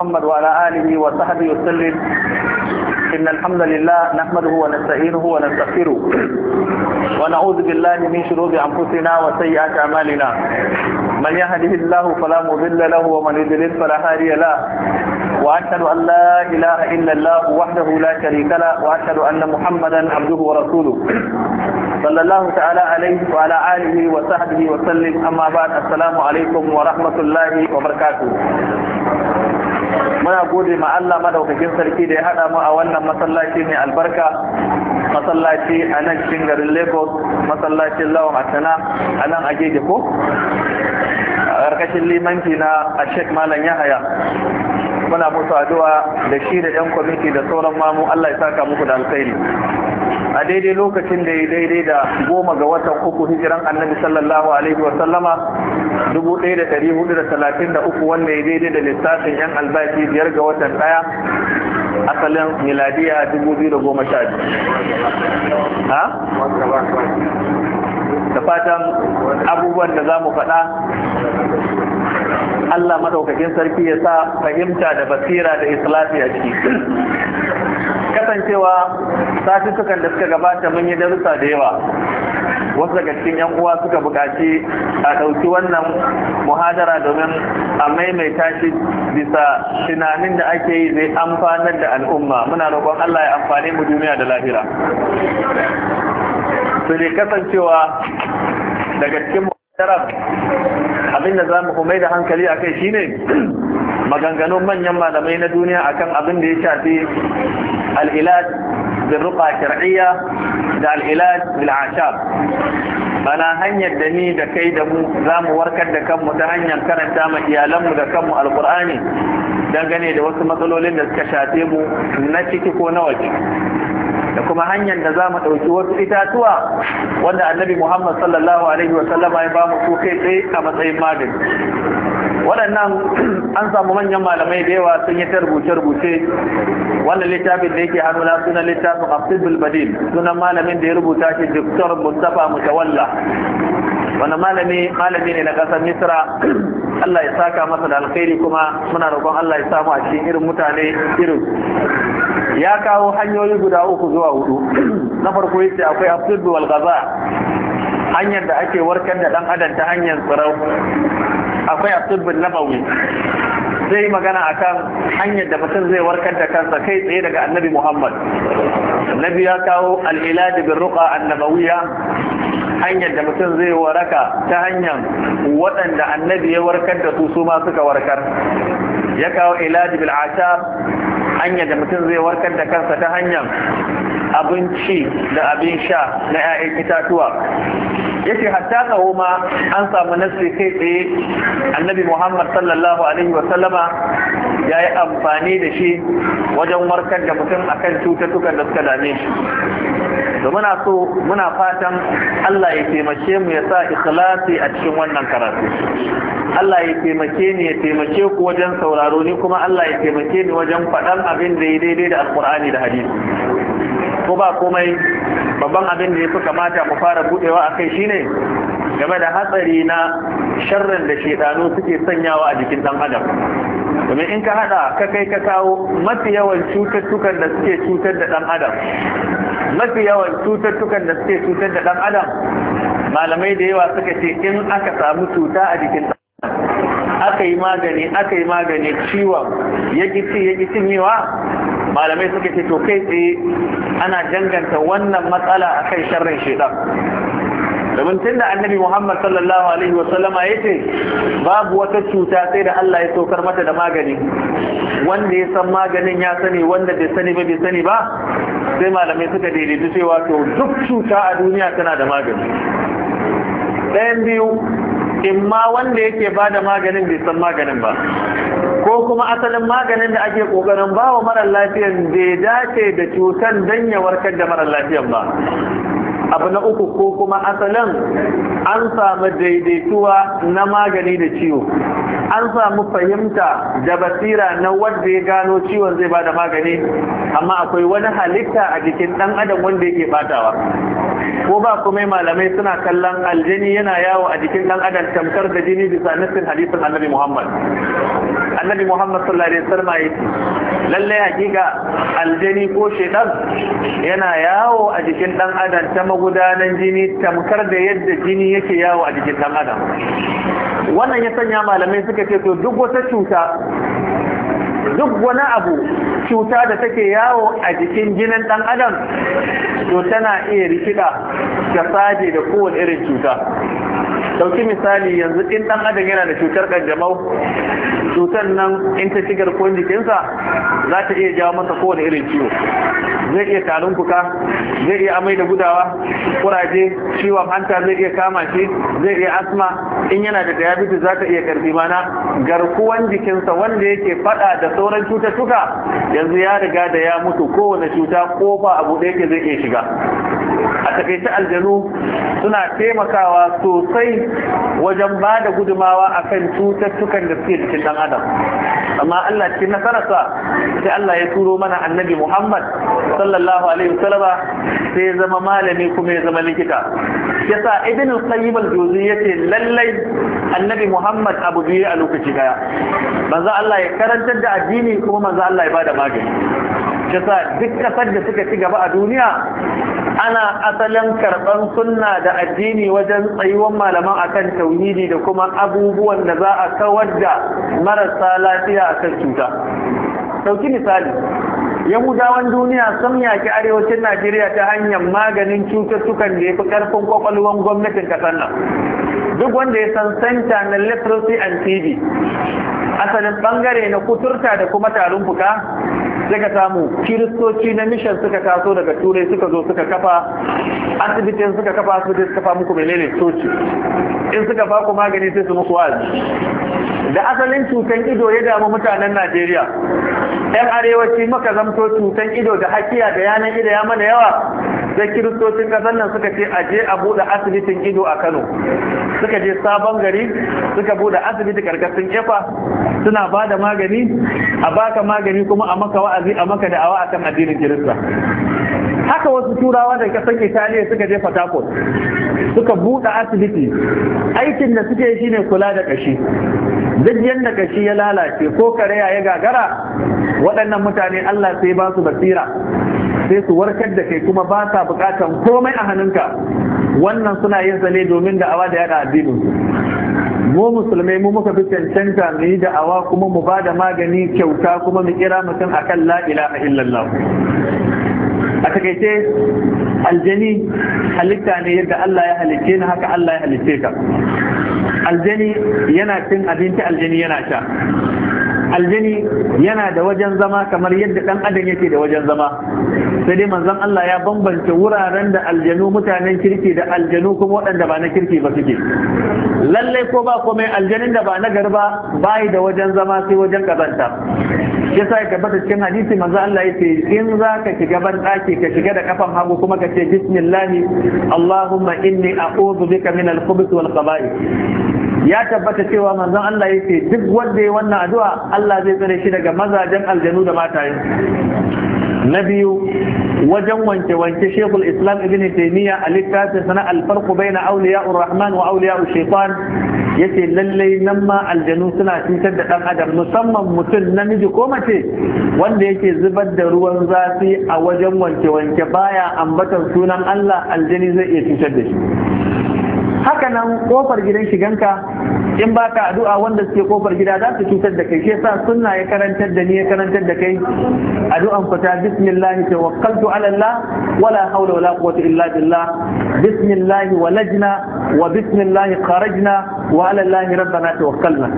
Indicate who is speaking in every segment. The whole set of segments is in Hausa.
Speaker 1: محمد وعلى آله وصحبه وسلم إن الحمد لله نحمده ونستعينه ونستغفره ونعوذ بالله من شرور أنفسنا وسيئات أعمالنا من يهده الله فلا مضل له ومن يضلل فلا هادي له وأشهد أن لا إله إلا الله وحده لا شريك له وأشهد أن محمدا عبده ورسوله صلى الله تعالى عليه وعلى آله وصحبه وسلم أما بعد السلام عليكم ورحمة الله وبركاته muna gode ma Allah madaukakin sarki da ya hada mu a wannan masallaci mai albarka masallaci a nan cikin garin Lagos masallacin lawan Atana a nan a Gege ko karkashin limanci na a Malam Yahaya muna musu addu'a da shi da 'yan kwamiti da sauran mamu Allah ya saka muku da alkhairi a daidai lokacin da ya daidai da goma ga watan uku hijiran annabi sallallahu alaihi wa sallama dubu ɗaya da ɗari hudu da talatin da uku wanda ya daidai da lissafin yan albashi biyar ga watan ɗaya asalin miladiya dubu biyu da goma sha biyu da fatan abubuwan da za mu faɗa Allah madaukakin sarki ya sa fahimta da basira da islafi a ciki kasancewa sati sukan da suka gabata mun yi darussa da yawa wasu daga cikin yan uwa suka buƙaci a ɗauki wannan muhadara domin a maimaita shi bisa tunanin da ake yi zai amfanar da al'umma muna roƙon Allah ya amfani mu duniya da lahira su ne kasancewa daga cikin muhadarar abinda za mu kuma da hankali a kai shine maganganun manyan malamai na duniya akan abin da ya shafi al'ilaj bin ruka shar'iyya da al'ilaj bil ashab bana hanyar da ni da kai da mu za mu warkar da kanmu ta hanyar karanta ma iyalanmu da kanmu alkur'ani dangane da wasu matsalolin da suka shafe mu na ciki ko na waje da kuma hanyar da za mu ɗauki wasu itatuwa wanda annabi muhammad sallallahu alaihi wa ya ba mu su kai tsaye a matsayin magani waɗannan an samu manyan malamai da yawa sun yi ta rubuce-rubuce wannan littafin da yake hannuna sunan littafin abdul badil sunan malamin da ya rubuta shi dr mustapha mutawalla wani malami malami ne na ƙasar misra Allah ya saka masa da alkhairi kuma muna roƙon Allah ya samu a cikin irin mutane irin ya kawo hanyoyi guda uku zuwa hudu na farko yace akwai abdul wal hanyar da ake warkar da dan adam ta hanyar tsirau akwai asibbin nabawi zai magana a kan hanyar da mutum zai warkar da kansa kai tsaye daga annabi muhammad Nabi ya kawo aliladi bin ruka annabawiya hanyar da mutum zai waraka ta hanyar waɗanda annabi ya warkar da su suma suka warkar ya kawo iladi bil hanyar da mutum zai warkar da kansa ta hanyar abinci da abin sha na 'ya'yan itatuwa ce hatta kawo ma an samu nasri kai tsaye annabi muhammad sallallahu alaihi wasallama ya yi amfani da shi wajen warkar da mutum akan cututtukan da suka dame shi da muna so muna fatan Allah ya taimake mu ya sa ikhlasi a cikin wannan karatu Allah ya taimake ni ya taimake ku wajen sauraro ni kuma Allah ya taimake ni wajen faɗan abin da ya daidai da alkur'ani da hadisi ko ba komai babban abin da ya fi kamata mu fara budewa akai shine game da hatsari na sharran da shedanu suke sanyawa a jikin dan adam domin in ka hada ka kai ka kawo mafi yawan cututtukan da suke cutar da dan adam mafi yawan cututtukan da suke cutar da ɗan adam malamai da yawa suka ce in aka samu cuta a jikin ɗan aka yi magani aka yi magani ciwon ya gici ya cinyewa malamai suka ce to kai tsaye ana janganta wannan matsala akan sharrin shedan domin tun da annabi muhammad sallallahu alaihi wa ya ce babu wata cuta sai da allah ya saukar mata da magani wanda ya san maganin ya sani wanda bai sani ba bai sani ba sai malamai suka daidaitu cewa to duk cuta a duniya tana da magani ɗayan biyu in ma wanda yake ba da maganin bai san maganin ba ko kuma asalin maganin da ake kokarin ba wa marar lafiyan bai dace da cutar don ya warkar da marar lafiyan ba abu na uku ko kuma asalin an samu daidaituwa na magani da ciwo an samu fahimta da basira na wanda ya gano ciwon zai bada magani amma akwai wani halitta a jikin dan adam wanda yake batawa ko ba kuma malamai suna kallon aljini yana yawo a jikin dan adam tamkar da jini bisa nassin hadisin annabi Muhammad annabi Muhammad sallallahu alaihi wasallam ya lalle hakika aljini ko shedan yana yawo a jikin dan adam ta magudanan jini tamkar da yadda jini yake yawo a jikin dan adam wannan ya sanya malamai suka ce to duk wata cuta duk wani abu cuta da take yawo a jikin jinin dan adam to tana iya rikida ta saje da kowane irin cuta dauki misali yanzu in dan adam yana da cutar kanjamau cutar nan in ta shigar garkuwar jikinsa za ta iya jawo masa kowane irin ciwo zai iya tarin fuka zai iya amai da gudawa kuraje ciwon hanta zai iya kama shi zai iya asma in yana da diabetes za ka iya karbi mana garkuwan jikinsa wanda yake fada da sauran cututtuka yanzu ya riga da ya mutu kowane cuta kofa abu da yake zai iya shiga a takaice aljanu suna taimakawa sosai wajen ba da gudumawa akan cututtukan da suke cikin dan adam amma Allah ce nasararsa sai Allah ya turo mana annabi Muhammad sallallahu alaihi wasallama sai ya zama malami kuma ya zama likita yasa ibn al-qayyim al yace lallai annabi Muhammad abu biyu a lokaci daya manzo Allah ya karantar da addini kuma manzo Allah ya bada magani yasa duk kasar da suka ci gaba a duniya ana asalin karɓar sunna da addini wajen tsayuwan malaman akan tauhidi da kuma abubuwan da za a kawar da marasa lafiya a kan cuta Sauki misali yahudawan duniya sun yaki arewacin najeriya ta hanyar maganin cututtukan da ya fi ƙarfin kwakwalwan gwamnatin kasar nan duk wanda ya san santa na leprosy and tb asalin bangare na kuturta da kuma tarin fuka suka samu kiristoci na mishan suka taso daga turai suka zo suka kafa asibitin suka kafa asibitin suka fa muku menene soci in suka fa ku magani sai su muku wazi da asalin cutan ido ya damu mutanen najeriya yan arewaci maka zamto cutan ido da hakiya da yanan ido ya mana yawa sai kiristocin kasar nan suka ce aje a buɗe asibitin ido a kano suka je sabon gari suka buɗe asibiti karkashin kefa suna ba da magani a baka magani kuma a maka wa'azi a maka da'awa akan addinin kirista haka wasu turawa da kasan italiya suka je fatakot suka buɗe asibiti aikin da suke shi ne kula da ƙashi, duk yadda ƙashi ya lalace ko karaya ya gagara waɗannan mutane allah sai ba su basira sai su warkar da kai kuma ba sa bukatan komai a hannunka wannan suna yin zane ne domin da'awa da yada addinin mu musulmai mu muka fi cancanta mu yi da'awa kuma mu ba da magani kyauta kuma mu kira mutum akan la'ila a illallah a takaice aljani halitta ne yadda Allah ya halicce ni haka Allah ya halicce ka aljani yana cin abinci aljani yana sha aljini yana da wajen zama kamar yadda dan adam yake da wajen zama sai dai manzon Allah ya bambance wuraren da aljanu mutanen kirki da aljanu kuma waɗanda ba na kirki ba suke lallai ko ba komai aljanin da ba na garba bai da wajen zama sai wajen kazanta ya sa ya cikin hadisi manzo Allah ya ce in za ka shiga ban ɗaki ka shiga da kafan hagu kuma ka ce bismillah Allahumma inni a'udhu bika min al-khubuth wal qaba'ith ya tabbata cewa manzon Allah yake duk wanda ya wannan addu'a Allah zai tsare shi daga mazajen aljanu da matayen na biyu wajen wanke-wanke shekul islam ibn taymiya a littafin sana alfarku bai na auliya rahman wa auliya shaitan ya ce lallai nan ma aljanu suna cutar da ɗan adam musamman mutum namiji ko mace wanda yake zubar da ruwan zafi a wajen wanke-wanke baya ambatar sunan allah aljani zai iya cutar da shi haka nan kofar gidan shiganka in ba ka addu'a wanda suke kofar gida za su cutar da kai shi yasa sunna ya karantar da ni ya karantar da kai addu'an ku ta bismillah tawakkaltu ala Allah wala hawla wala quwwata illa billah bismillah walajna wa bismillah kharajna wa ala Allah rabbana tawakkalna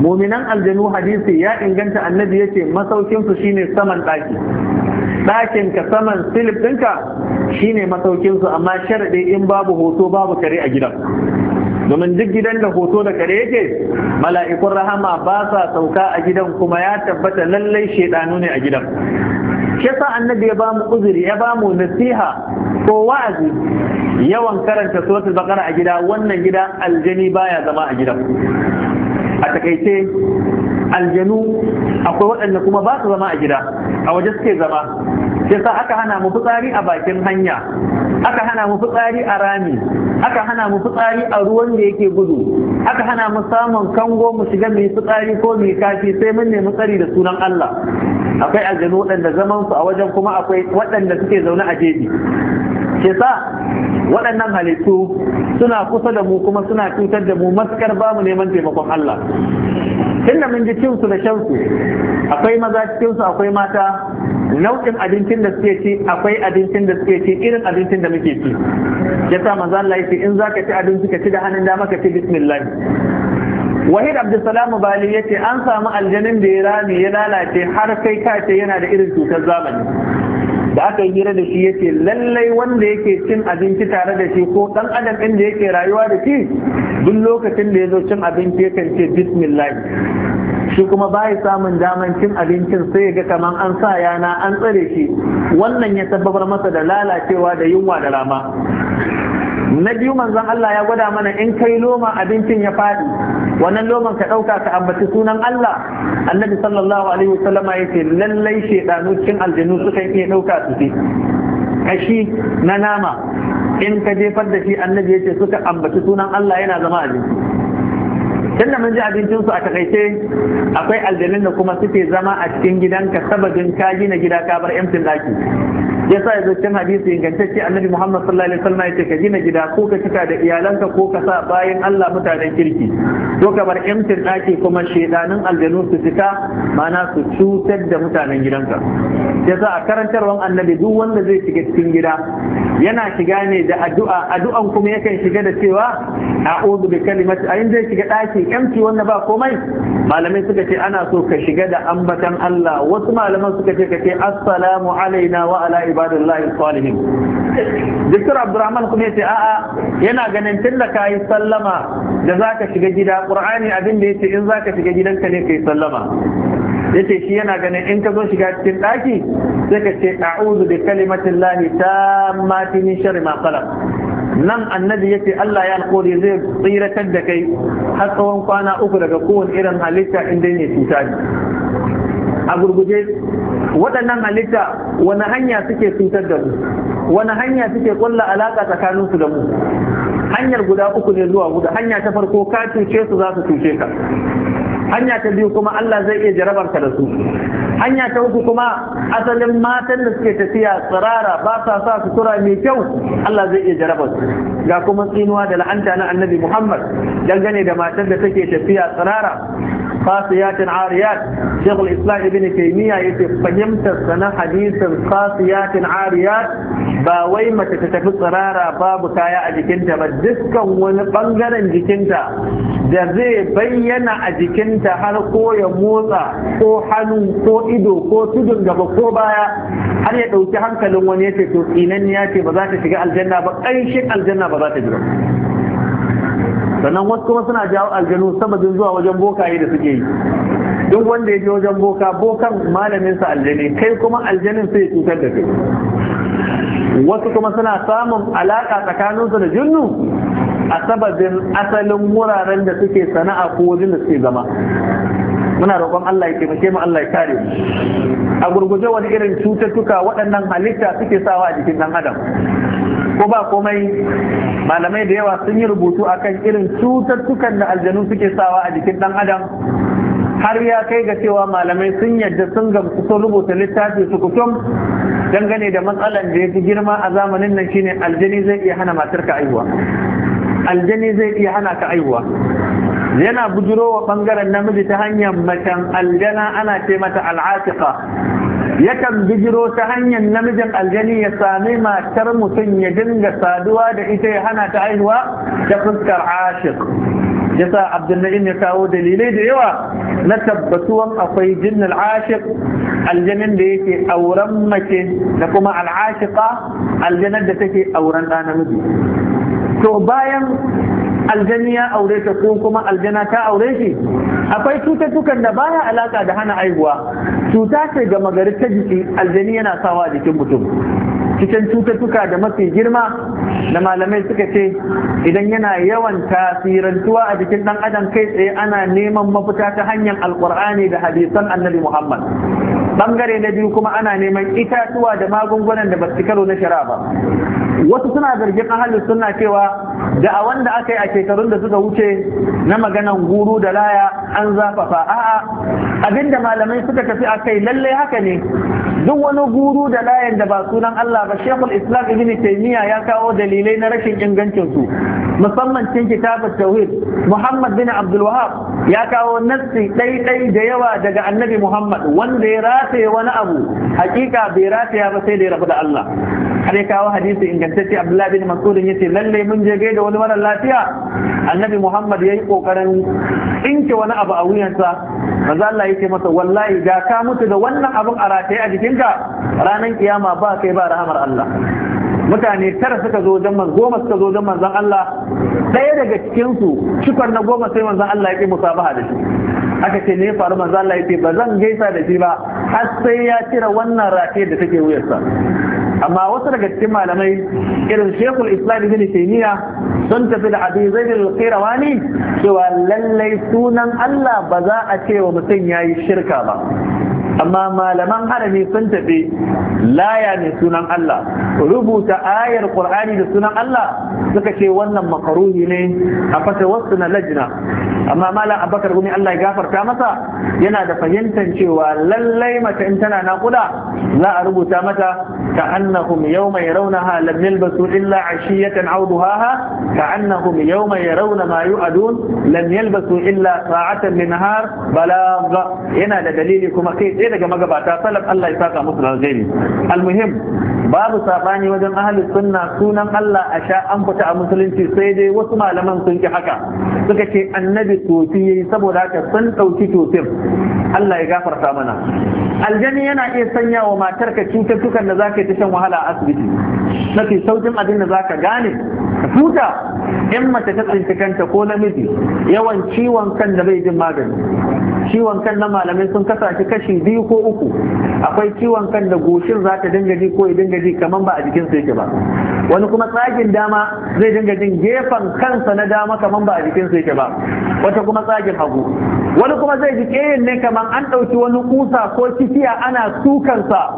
Speaker 1: muminan aljanu hadisi ya inganta annabi yace masaukin su shine saman daki ɗakin ka saman silif ɗinka shine masaukin su amma sharaɗi in babu hoto babu kare a gidan domin duk gidan da hoto da kare yake mala'ikun rahama ba sa sauka a gidan kuma ya tabbata lallai shaidanu ne a gidan shi sa annabi ya bamu uzuri ya bamu nasiha ko wa'azi yawan karanta suratul baqara a gida wannan gida aljani baya zama a gidan a takaice aljanu akwai waɗanda kuma ba su zama a gida a waje suke zama sai aka hana mu fitsari a bakin hanya aka hana mu fitsari a rami aka hana mu fitsari a ruwan da yake gudu aka hana mu samun kango mu shiga mu yi fitsari ko mu yi sai mun nemi tsari da sunan Allah akwai aljanu waɗanda zaman su a wajen kuma akwai waɗanda suke zaune a jeji ke sa waɗannan halittu suna kusa da mu kuma suna cutar da mu maskar ba mu neman taimakon Allah tunda mun ji cinsu da shansu akwai maza cikinsu akwai mata nau'in abincin da suke ci akwai abincin da suke ci irin abincin da muke ci yasa maza Allah ce in zaka ci abinci ka ci da hannun dama ka ci bismillah wahid abdulsalam bali ya ce an samu aljanin da ya rami ya lalace har kai kace yana da irin cutar zamani da aka yi hira da shi ya ce lallai wanda yake cin abinci tare da shi ko dan adam inda da yake rayuwa da shi duk lokacin da ya zo cin abinci kan ce bismillah shi kuma bai samun daman cin abincin sai ya ga kaman an sa yana an tsare shi wannan ya tabbabar masa da lalacewa da yunwa da rama na biyu manzon Allah ya gwada mana in kai loma abincin ya faɗi wannan loman ka ɗauka ka ambaci sunan Allah annabi sallallahu alaihi wasallama yace lallai shedanu cikin aljanu suka iya ɗauka su ce kashi na nama in ka jefar da shi annabi ce suka ambaci sunan Allah yana zama abinci tun da mun ji abincinsu a takaice akwai aljanin da kuma suke zama a cikin gidanka sababin ka gina gida ka bar emtin daki ya sa yanzu cikin hadisi ingantacce annabi muhammad sallallahu alaihi wasallam yace ka gina gida ko ka cika da iyalanka ko ka sa bayan allah mutanen kirki ko ka bar emtin daki kuma shedanin aljanu su cika mana su cutar da mutanen gidanka ya sa a karantarwan annabi duk wanda zai shiga cikin gida yana shiga ne da addu'a addu'an kuma yakan shiga da cewa a'udhu bi kalimati ayin zai shiga daki empty wanda ba komai malamai suka ce ana so ka shiga da ambatan Allah wasu malaman suka ce ka ce assalamu alaina wa ala ibadillahi salihin Dr. Abdurrahman kuma ya ce a'a yana ganin tun da yi sallama da ka shiga gida Qur'ani abin da yace in zaka shiga gidanka ne kai sallama yace shi yana ganin in ka zo shiga cikin ɗaki sai ka ce a'udhu bi kalimatillahi tammati min sharri ma khalaq nan annabi ya ce Allah ya alƙori zai tsiratar da kai har tsawon kwana uku daga kowane irin halitta inda ne cuta ne a gurguje waɗannan halitta wani hanya suke cutar da mu wani hanya suke ƙulla alaƙa tsakaninsu da mu hanyar guda uku ne zuwa guda hanya ta farko ka cuce su za su cuce ka hanya ta biyu kuma Allah zai iya jarabarka da su hanya ta uku kuma asalin matan da suke tafiya tsirara ba sa sa sutura mai kyau Allah zai iya jaraba su ga kuma tsinuwa da la'anta na annabi Muhammad dangane da matar da take tafiya tsirara khasiyatin ariyat shekul islam ibn taymiya yace fahimtar sana hadisin khasiyatin ariyat ba wai mace ta tafi tsirara babu kaya a jikinta ba dukkan wani bangaren jikinta da zai bayyana a jikinta har ko ya motsa ko hannu ko ido ko tudun gaba ko baya har ya ɗauki hankalin wani ya ce to tsinan ya ce ba za shiga aljanna ba ƙanshin aljanna ba za ta sannan wasu kuma suna jawo aljanu sababin zuwa wajen bokaye da suke yi duk wanda ya je wajen boka bokan malamin sa aljani kai kuma aljanin sai ya cutar da kai wasu kuma suna samun alaka tsakaninsu da jinnu a sababin asalin wuraren da suke sana'a ko wajen da suke zama muna roƙon Allah ya taimake mu Allah ya kare mu a gurguje wani irin cututtuka waɗannan halitta suke sawa a jikin ɗan adam ko ba komai malamai da yawa sun yi rubutu akan irin cututtukan da aljanu suke sawa a jikin ɗan adam har ya kai ga cewa malamai sun yadda sun gamsu sun rubuta littafi su kutum dangane da matsalan da ya fi girma a zamanin nan shine aljani zai iya hana matarka aihuwa aljani zai iya hana ka aihuwa yana bujiro wa bangaren namiji ta hanyar macen aljana ana ce mata al'atika yakan bujiro ta hanyar namijin aljani ya sami matar mutum ya dinga saduwa da ita ya hana ta haihuwa ta fuskar ashik sa abdullahi ya kawo dalilai da yawa na tabbatuwan akwai jinnul ashik aljanin da yake auren mace da kuma al'ashika aljanar da take auren ɗa namiji to bayan aljani ya aure ta ko kuma aljana ta aure shi akwai cututtukan da baya alaka da hana aihuwa cuta ce ga magari ta jiki aljani yana sawa a jikin mutum cikin cututtuka da mafi girma da malamai suka ce idan yana yawan tasirantuwa a jikin dan adam kai tsaye ana neman mafita ta hanyar alkur'ani da hadisan annabi muhammad bangare na biyu kuma ana neman itatuwa da magungunan da ba su karo na shara ba wasu suna zargin ahalin suna cewa da a wanda aka yi a shekarun da suka wuce na maganan guru da laya an zafafa a'a abinda malamai suka tafi a kai lallai haka ne duk wani guru da layan da ba sunan Allah ba shekul islam ibn taimiyya ya kawo dalilai na rashin ingancinsu musamman cikin kitabar tauhid muhammad bin Abdulwahab ya kawo nassi ɗaiɗai da yawa daga annabi muhammad wanda ya rataye wani abu hakika bai rataya ba sai da ya rabu da Allah har ya kawo hadisi ingantacce Abdullahi bin Mas'ud yace lalle mun je gaida wani mara lafiya Annabi Muhammad yayi kokarin tsinke wani abu a wuyansa manzo Allah yake masa wallahi ga ka mutu da wannan abun a rataye a jikinka ranan kiyama ba kai ba rahamar Allah mutane tara suka zo dan man goma suka zo don manzon Allah ɗaya daga cikinsu shukar na goma sai manzon Allah yake musabaha da shi aka ce ne ya faru manzo Allah yake ba zan gaisa da shi ba har sai ya cire wannan rafi da take wuyarsa amma wasu daga cikin malamai irin Sheikhul Islam Ibn Taymiyyah sun tafi da Abi Zaid al-Qirawani cewa lallai sunan Allah ba za a ce wa mutum yayi shirka ba amma malaman harami sun tafi laya ne sunan Allah rubuta ayar qur'ani da sunan Allah suka ce wannan makaruhi ne a fata wasu na lajina amma malam abakar gumi Allah ya gafarta masa yana da fahimtar cewa lallai mace in tana naƙuda za a rubuta mata ka annahum yawma yarawnaha lam yalbasu illa ashiyatan aw duhaha ka annahum yawma yarawna ma yu'adun lam yalbasu illa sa'atan min nahar balagha yana da dalili kuma kai hadisai daga magabata salaf Allah ya saka musu da alheri almuhim babu sabani wajen ahli sunna sunan Allah a sha an fita a musulunci sai dai wasu malaman sun ki haka suka ce annabi tofi yayi saboda haka sun dauki tofin Allah ya gafarta mana aljani yana iya sanya wa matar ka cututtukan da zaka ta shan wahala a asibiti nake saukin abin da zaka gane ka huta in mace ta tsinci kanta ko namiji yawan ciwon kan da bai jin magani ciwon kan na malamai sun kasa shi kashi biyu ko uku akwai ciwon kan da goshin za ta dinga ji ko ya dinga ji kamar ba a jikinsa yake ba wani kuma tsagin dama zai dinga jin gefen kansa na dama kamar ba a jikinsa yake ba wata kuma tsagin hagu wani kuma zai ji keyin ne kamar kaman an ɗauki wani kusa ko kifiya ana sukansa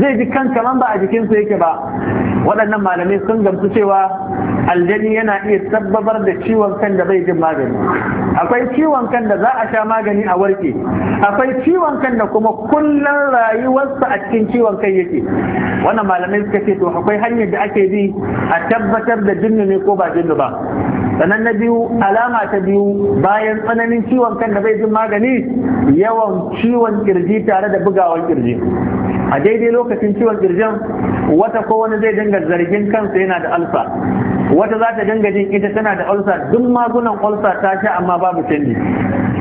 Speaker 1: zai ji kan kaman ba a jikinsa yake ba waɗannan malamai sun gamsu cewa aljani yana iya sababar da ciwon kan da bai jin magani akwai ciwon kan da za a sha magani a warke akwai ciwon kan da kuma kullum rayuwarsa a cikin ciwon kai yake wannan malamai suka ce to akwai hanyar da ake bi a tabbatar da jinnu ne ko ba jinnu ba sannan na biyu alama ta biyu bayan tsananin ciwon kan da bai jin magani yawan yawan ciwon kirji tare da bugawan kirji a daidai lokacin ciwon kirjin wata ko wani zai dinga zargin kansa yana da alfa wata za ta dinga jin ita tana da alsa duk magunan ulsa ta sha amma babu canji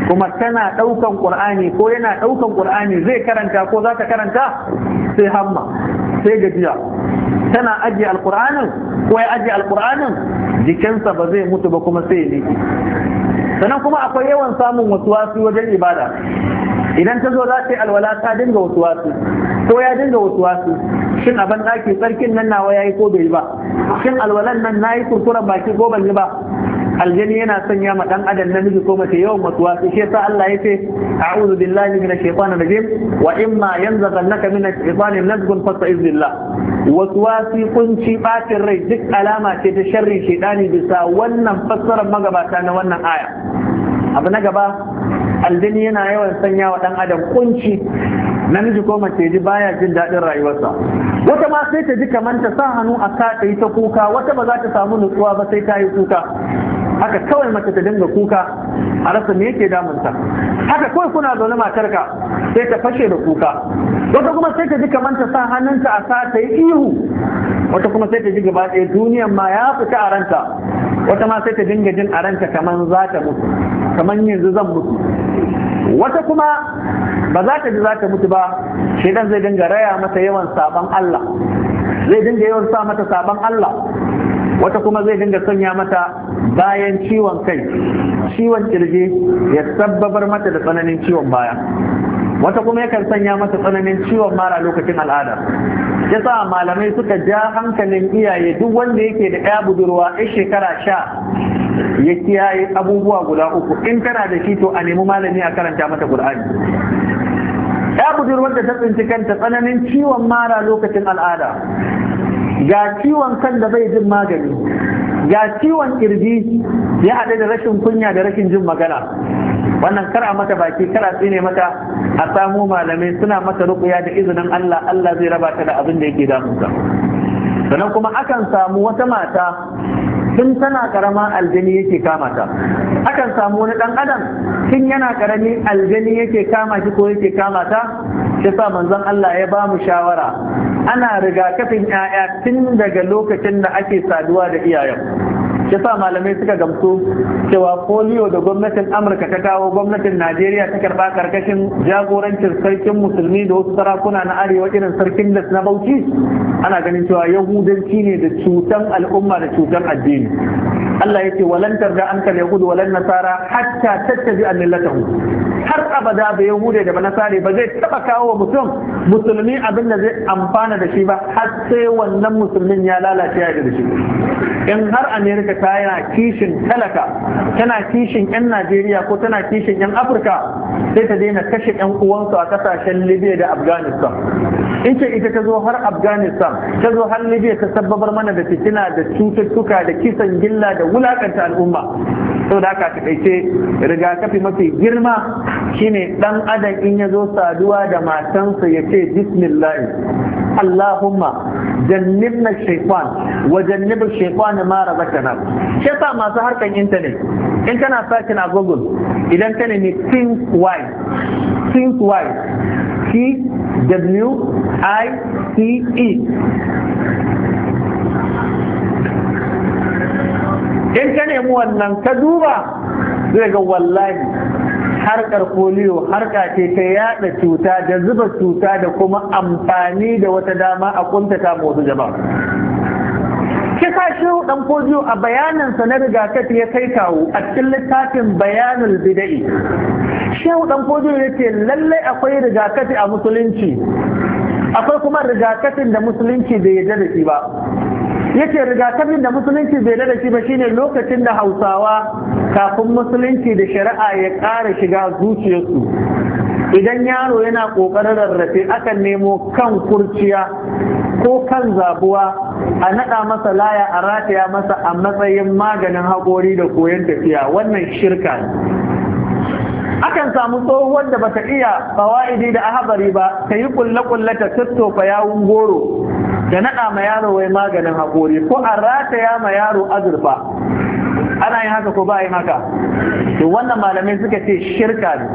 Speaker 1: kuma tana ɗaukan qur'ani ko yana ɗaukan qur'ani zai karanta ko za ta karanta sai hamma sai gajiya tana ajiye alƙur'anin ko ya ajiye alƙur'anin jikinsa ba zai mutu ba kuma sai ya sannan kuma akwai yawan samun wasu wasu wajen ibada idan ta zo za ta yi alwala ta dinga wasu wasu ko ya dinga wasu wasu shin a ban ɗaki tsarkin nan nawa ya yi ko bai ba shin alwalan nan na yi kurkuren baki ko ban yi ba aljani yana sanya ma dan adam namiji ko mace yawan wasu shi yasa Allah ya yace a'udhu billahi minash na rajim wa imma yanzaghannaka minash shaitani nazghun fasta'iz billah wasu kunci ɓacin rai duk alama ce ta sharri shaitani bisa wannan fassarar magabata na wannan aya abu na gaba aljini yana yawan sanya wa dan adam kunci namiji ko mace ji baya jin daɗin rayuwarsa wata ma sai ta ji kamar ta sa hannu a ka ta yi ta kuka wata ba za ta samu nutsuwa ba sai ta yi kuka haka kawai mace ta dinga kuka a rasa me yake damunta haka kawai kuna zaune matarka sai ta fashe da kuka wata kuma sai ta ji kamar ta sa hannunta a sa ta yi ihu wata kuma sai ta ji gaba ɗaya duniyan ma ya fita a ranta wata ma sai ta dinga jin a ranta kamar za ta mutu kamar yanzu zan mutu wata kuma ba za ta ji za ta mutu ba shaidan zai dinga raya mata yawan saban Allah zai dinga yawan sa mata saban Allah wata kuma zai dinga sanya mata bayan ciwon kai ciwon kirji ya sababar mata da tsananin ciwon baya wata kuma yakan sanya mata tsananin ciwon mara lokacin al'ada ya sa malamai suka ja hankalin iyaye duk wanda yake da ɗaya budurwa ɗan shekara sha ya kiyaye abubuwa guda uku in kana da shi to a nemi malami a karanta mata qur'ani ya budurwar da ta tsinci kanta tsananin ciwon mara lokacin al'ada ga ciwon kan da bai jin magani ga ciwon kirji ya haɗu da rashin kunya da rashin jin magana wannan kara mata baki kara tsine mata a samu malamai suna mata rukuya da izinin Allah Allah zai raba ta da abin da yake damunsa sannan kuma akan samu wata mata tun tana karama aljani yake kama ta akan samu wani dan adam tun yana karami aljani yake kama shi ko yake kama ta shi sa manzon Allah ya ba mu shawara ana rigakafin 'ya'ya tun daga lokacin da ake saduwa da iyayen ya sa malamai suka gamsu cewa polio da gwamnatin amurka ta kawo gwamnatin najeriya ta karba karkashin jagorancin sarkin musulmi da wasu sarakuna na arewa irin sarkin da na bauchi ana ganin cewa yahudanci ne da cutan al'umma da cutan addini Allah ya ce walantar tarda an kal yahud walan nasara hatta tattabi an millatahu har abada ba yahude da ba nasare ba zai taba kawo wa mutum musulmi abin da zai amfana da shi ba har sai wannan musulmin ya lalace ya da in har america ta yana kishin talaka tana kishin yan najeriya ko tana kishin yan afirka sai ta daina kashe yan uwansu a kasashen libya da afghanistan in ce ita ta zo har afghanistan ta zo har libya ta sababar mana da fitina da cututtuka da kisan gilla da wulakanta al'umma sau da aka takaice rigakafi mafi girma shine ɗan adam in ya zo saduwa da matansa ya ce bismillah Allahumma jannibna shaytan wa jannib shaytan ma razaqtana shi yasa masu harkan intanet in kana sakin a Google idan ka nemi think why T W I C E in ka nemi wannan ka duba zai ga wallahi harkar foliyo harka ce ta yada cuta da zuba cuta da kuma amfani da wata dama a kuntata motsu jama kisa shi dan polio a bayaninsa na rigakafi ya kai kawo a cikin littafin bayanul bida'i shehu dan polio ya ce lallai akwai rigakafi a musulunci akwai kuma rigakafin da musulunci bai yarda da shi ba Yake rigakafin da musulunci bai da shi ba shine lokacin da hausawa kafin musulunci da shari'a ya ƙara shiga zuciyarsu idan yaro yana ƙoƙarin rarrafe akan nemo kan kurciya ko kan zabuwa a naɗa masa laya a rataya masa a matsayin maganin haƙori da koyon tafiya wannan shirka akan samu tsohuwar da bata iya fawa'idi da ahabari ba ta yi kulle-kulle ta tattofa yawun goro da naɗa ma yaro wai maganin haƙori ko a rataya ma yaro azurfa ana yin haka ko ba yin haka to wannan malamai suka ce shirka ne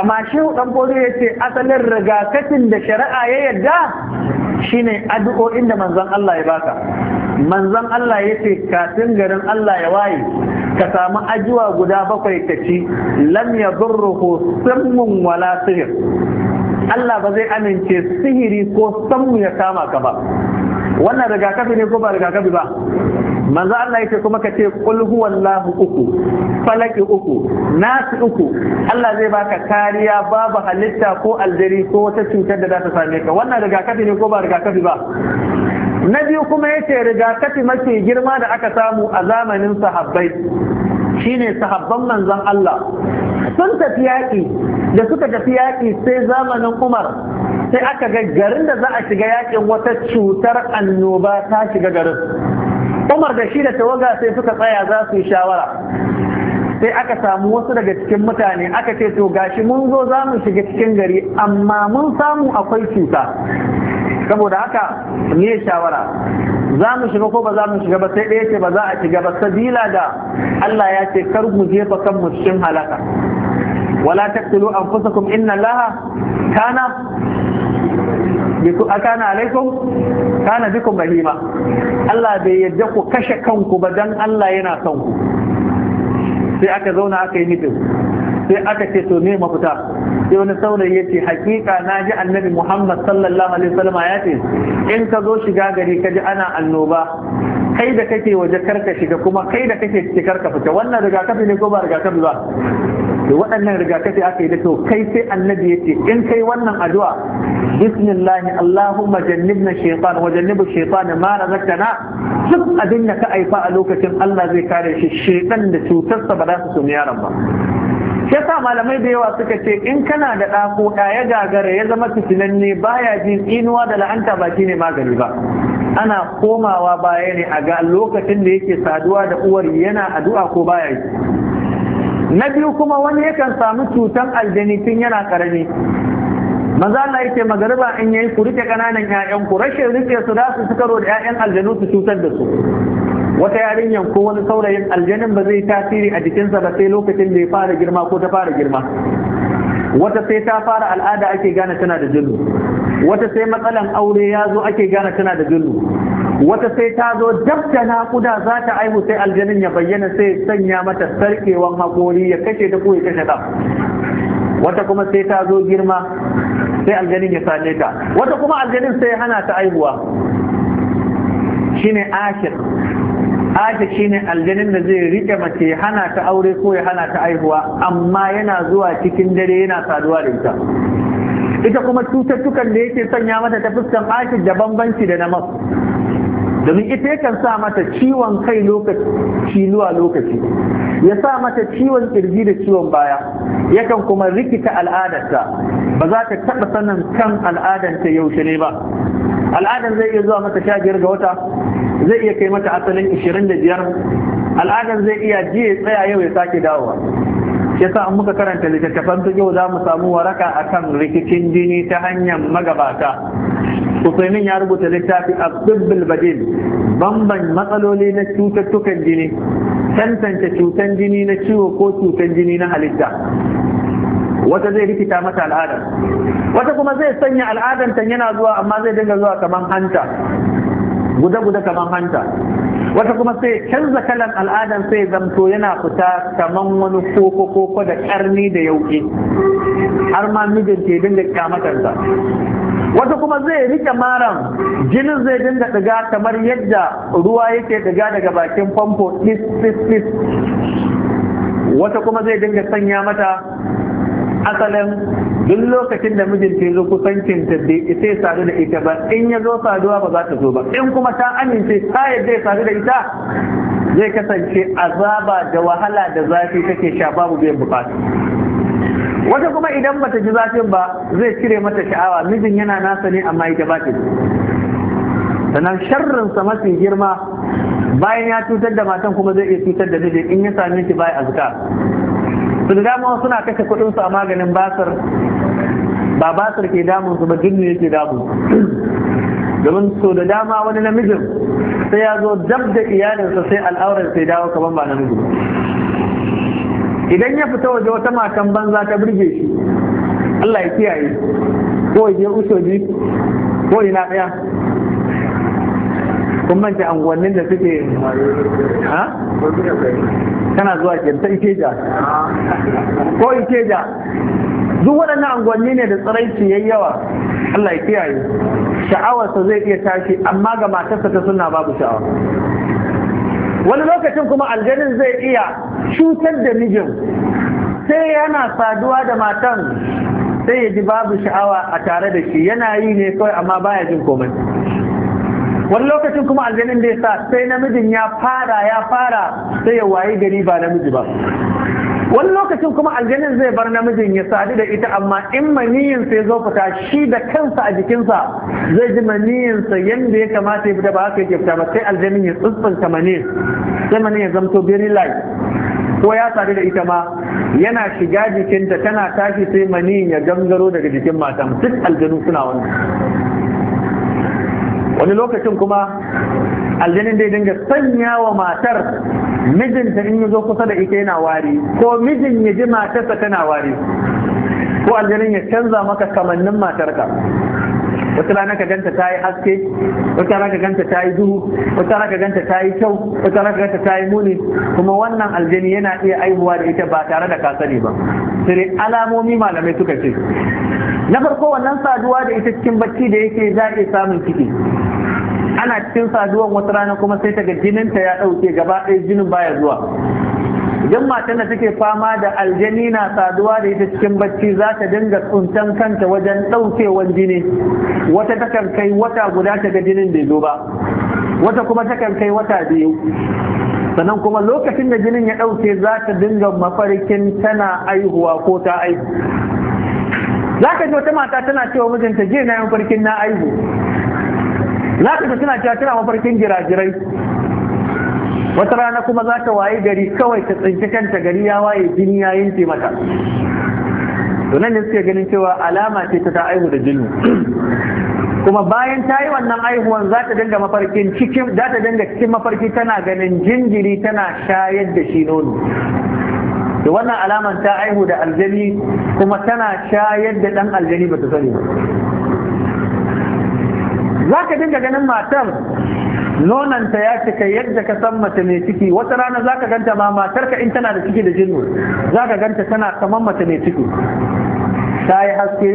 Speaker 1: amma shi dan bozo ya ce asalin rigakafin da shari'a ya yarda shine addu'o'in da manzon Allah ya baka manzon Allah ya ce kafin garin Allah ya waye ka samu ajuwa guda bakwai ka ci lam yadurruhu sammun wala sihir Allah ba zai amince sihiri ko sanmu ya kama ka ba wannan rigakafi ne ko ba rigakafi ba manzo Allah yake kuma kace qul huwallahu uku falaki uku nasi uku Allah zai baka kariya babu halitta ko aljari ko wata cutar da za ta same ka wannan rigakafi ne ko ba rigakafi ba na biyu kuma yace rigakafi mafi girma da aka samu a zamanin sahabbai shine sahabban manzon Allah sun tafi yaƙi da suka tafi yaƙi sai zamanin umar sai aka ga garin da za a shiga yaƙin wata cutar annoba ta shiga garin umar da shi da tawaga sai suka tsaya za su shawara sai aka samu wasu daga cikin mutane aka ce to gashi mun zo za mu shiga cikin gari amma mun samu akwai cuta saboda haka ne shawara za mu shiga ko ba za mu shiga ba sai ɗaya ce ba za a shiga ba sabila da Allah ya ce kar mu jefa kanmu cikin halaka wala taqtulu anfusakum inna allaha kana biku akana alaikum kana bikum rahima Allah bai yadda ku kashe kanku ba dan Allah yana son ku sai aka zauna aka yi mitin sai aka ce to me mafita sai wani saurayi ya ce hakika na ji annabi muhammad sallallahu alaihi wasallam ya ce in ka zo shiga gari ka ji ana annoba kai da kake waje karka shiga kuma kai da kake ciki karka fita wannan rigakafi ne ko ba rigakafi ba to waɗannan rigakafi aka yi da to kai sai annabi ya ce in kai wannan addu'a bismillah allahumma jannibna shaytan wa jannibu shaytan ma razaqtana duk abin da ka aifa a lokacin Allah zai kare shi shaytan da cutarsa ba za su ne yaron ba yasa malamai da yawa suka ce in kana da ɗa ɗaya ya gagara ya zama ne baya jin inuwa da la'anta ba shine magani ba ana komawa baya ne a ga lokacin da yake saduwa da uwar yana addu'a ko baya yi na biyu kuma wani yakan samu cutan aljani tun yana karami maza Allah yake magariba in yayi ku rike kananan ƴaƴan ku rashin rike su da su suka da ƴaƴan aljanu su cutar da su wata yarinyar ko wani saurayin aljanin ba zai tasiri a jikinsa ba sai lokacin da ya fara girma ko ta fara girma wata sai ta fara al'ada ake gane tana da jinnu wata sai matsalan aure ya zo ake gane tana da gillu wata sai ta zo dab da naƙuda za ta aihu sai aljanin ya bayyana sai sanya mata sarkewan haƙori ya kashe ta ko ya kashe ta wata kuma sai ta zo girma sai aljanin ya same ta wata kuma aljanin sai hana ta aihuwa shine ashir Aisha ne aljanin da zai rike mace hana ta aure ko ya hana ta aihuwa amma yana zuwa cikin dare yana saduwa da ita ita kuma cututtukan da yake sanya mata ta fuskan akid da bambanci da na masu domin ita yakan sa mata ciwon kai lokaci zuwa lokaci ya sa mata ciwon kirji da ciwon baya yakan kuma rikita al'adarta ba za ta taɓa sanin kan al'adarta yaushe ne ba al'adar zai iya zuwa mata sha biyar ga wata zai iya kai mata asalin ishirin da biyar al'adar zai iya jiya tsaya yau ya sake dawowa yasa an muka karanta littattafan yau za mu samu waraka akan rikicin jini ta hanyar magabata Usaimin ya rubuta littafi a tsibbil badin bamban matsaloli na cututtukan jini tantance cutan jini na ciwo ko cutan jini na halitta wata zai rikita mata al'adar wata kuma zai sanya al'adar ta yana zuwa amma zai dinga zuwa kaman hanta guda-guda kaman hanta wata kuma sai canza kalan al'adan sai zamto yana fita kaman wani koko koko da karni da yauke har ma mijin ke dinga kyamatarsa wata kuma zai rike maran jinin zai dinga diga kamar yadda ruwa yake diga daga bakin famfo tis tis tis wata kuma zai dinga sanya mata asalin duk lokacin da mijinta ya zo kusancin ta bai ita ya sadu da ita ba in ya zo saduwa ba za ta zo ba in kuma ta amince ta yadda ya sadu da ita zai kasance azaba da wahala da zafi take sha babu biyan bukata wata kuma idan bata ji zafin ba zai cire mata sha'awa mijin yana nasa ne amma ita ba ta sannan sharrinsa mafi girma bayan ya cutar da matan kuma zai iya cutar da mijin in ya same shi baya azka su da dama suna kashe kuɗin su a maganin basar ba basar ke damun su ba jinni yake damu domin so da dama wani namijin sai ya zo dab da iyalinsa sai al'aurar sai dawo kaman ba namiji idan ya fita waje wata matan banza ta birge shi Allah ya kiyaye ko ya je usoji ko ina ɗaya kun manta anguwannin da suke ha kana zuwa kirta ikeja ko ikeja duk waɗannan anguwanni ne da tsiraici yayi yawa Allah ya kiyaye sha'awarsa zai iya tashi amma ga matarsa ta suna babu sha'awa wani lokacin kuma aljanin zai iya cutar da mijin sai yana saduwa da matan sai ya ji babu sha'awa a tare da shi yana yi ne kawai amma baya jin komai wani lokacin kuma aljanin da ya sa sai namijin ya fara ya fara sai ya wayi gari ba namiji ba wani lokacin kuma aljanin zai bar namijin ya sadu da ita amma in maniyin sai zo fita shi da kansa a jikinsa zai ji sa yadda ya kamata ya fita ba haka ya fita ba sai aljanin ya tsuntsunta maniyin sai maniyin ya zamto very light ko ya sadu da ita ma yana shiga jikinta tana tashi sai maniyin ya gangaro daga jikin matan duk aljanu suna wannan wani lokacin kuma aljanin da ya dinga sanya wa matar mijinta in ya zo kusa da ita yana wari ko mijin ya ji matarsa tana wari ko aljanin ya canza maka kamannin matarka wata rana ka ganta ta yi haske wata rana ka ganta ta yi duhu wata rana ka ganta ta yi kyau wata rana ka ganta ta yi muni kuma wannan aljani yana iya aihuwa da ita ba tare da ka ba sai alamomi malamai suka ce na farko wannan saduwa da ita cikin bacci da yake za a iya samun ciki ana cikin saduwan wata rana kuma sai ta ga jininta ya ɗauke gaba ɗaya jinin baya zuwa idan matan da take fama da aljani na saduwa da ita cikin bacci za ta dinga tsuntan kanta wajen ɗaukewan jini wata takan kai wata guda ta ga jinin bai zo ba wata kuma takan kai wata biyu sannan kuma lokacin da jinin ya ɗauke za ta dinga mafarkin tana aihuwa ko ta aihu za ka ji wata mata tana cewa mijinta je na yin farkin na aihu za ka suna cewa kira mafarkin jirajirai wata rana kuma za ta waye gari kawai ta tsinci kanta gari ya waye jini ya yanke mata to nan ne suke ganin cewa alama ce ta ta aihu da jini kuma bayan ta yi wannan aihuwan za ta dinga mafarkin cikin za ta dinga cikin mafarki tana ganin jinjiri tana shayar da shi nono da wannan alaman ta aihu da aljani kuma tana shayar da dan aljani ba ta sani ba za ka dinga ganin matar nonanta ya cika yadda ka san mace mai ciki wata rana za ka ganta ma matar ka in tana da ciki da jinnu za ka ganta tana kamar mace mai ciki ta yi haske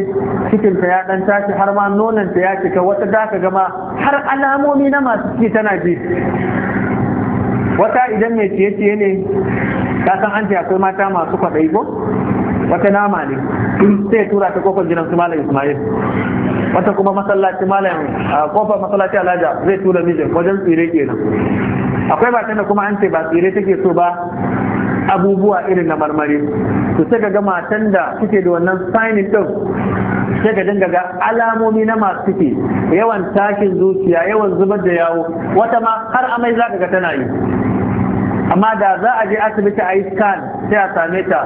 Speaker 1: cikinta ya dan tashi har ma nonanta ya cika wata za ka gama har alamomi na masu ciki tana ji wata idan mai ciye-ciye ne ta san an akwai mata masu kwaɗai ko wata nama ne sai tura ta kofar gidan su malam ismail wata kuma masallaci malam a kofar masallaci alhaja zai tura mijin wajen tsire kenan akwai ba da kuma an ce ba tsire take so ba abubuwa irin na marmari su sai ga matan da suke da wannan signing din sai ga dinga ga alamomi na masu ciki yawan takin zuciya yawan zubar da yawo wata ma har amai za ka ga tana yi amma da za a je asibiti a yi scan sai a same ta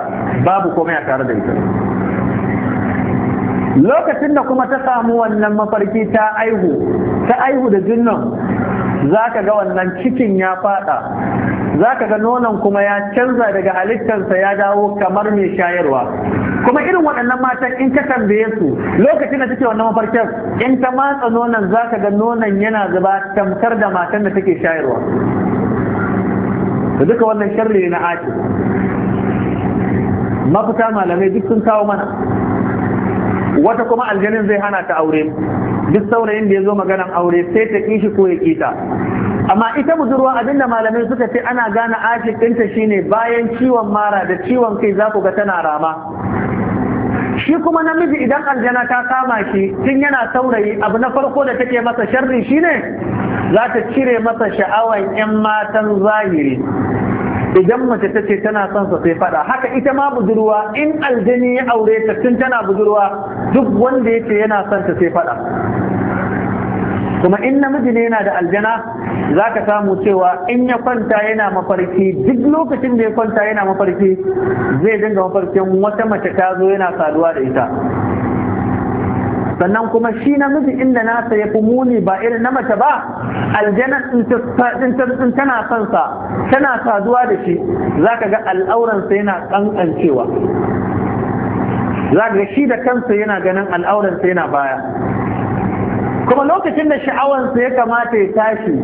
Speaker 1: babu komai a tare da ita lokacin da kuma ta samu wannan mafarki ta aihu ta aihu da jinnan za ka ga wannan cikin ya fada za ka ga nonon kuma ya canza daga halittarsa ya dawo kamar mai shayarwa kuma irin waɗannan matan in ka tambaye su lokacin da take wannan mafarkin in ta matsa nonon za ka ga nonon yana zuba tamkar da matan da take shayarwa da duka wannan sharri na ake mafita malamai duk sun kawo mana wata kuma aljanin zai hana ta aure duk saurayin da ya zo maganan aure sai ta kishi ko ya ta, amma ita budurwa abinda malamai suka ce ana gane ashik ɗinta shine bayan ciwon mara da ciwon kai za ku ga tana rama shi kuma namiji idan aljana ta kama shi tun yana saurayi abu na farko da take masa sharri shine za ta cire masa sha'awan 'yan matan zahiri idan mace ta ce tana son sa sai fada haka ita ma budurwa in aljini ya aure ta tun tana budurwa duk wanda yake yana son ta sai fada kuma in namiji ne yana da aljana za ka samu cewa in ya kwanta yana mafarki duk lokacin da ya kwanta yana mafarki zai dinga mafarkin wata mace ta zo yana saduwa da ita sannan kuma shi namiji inda nasa ya fi muni ba irin na mace ba aljanan in tana sansa sa tana saduwa da shi ka ga al'auransa yana kankancewa ka ga shi da kansa yana ganin al'auransa yana baya kuma lokacin da sha'awansa ya kamata ya tashi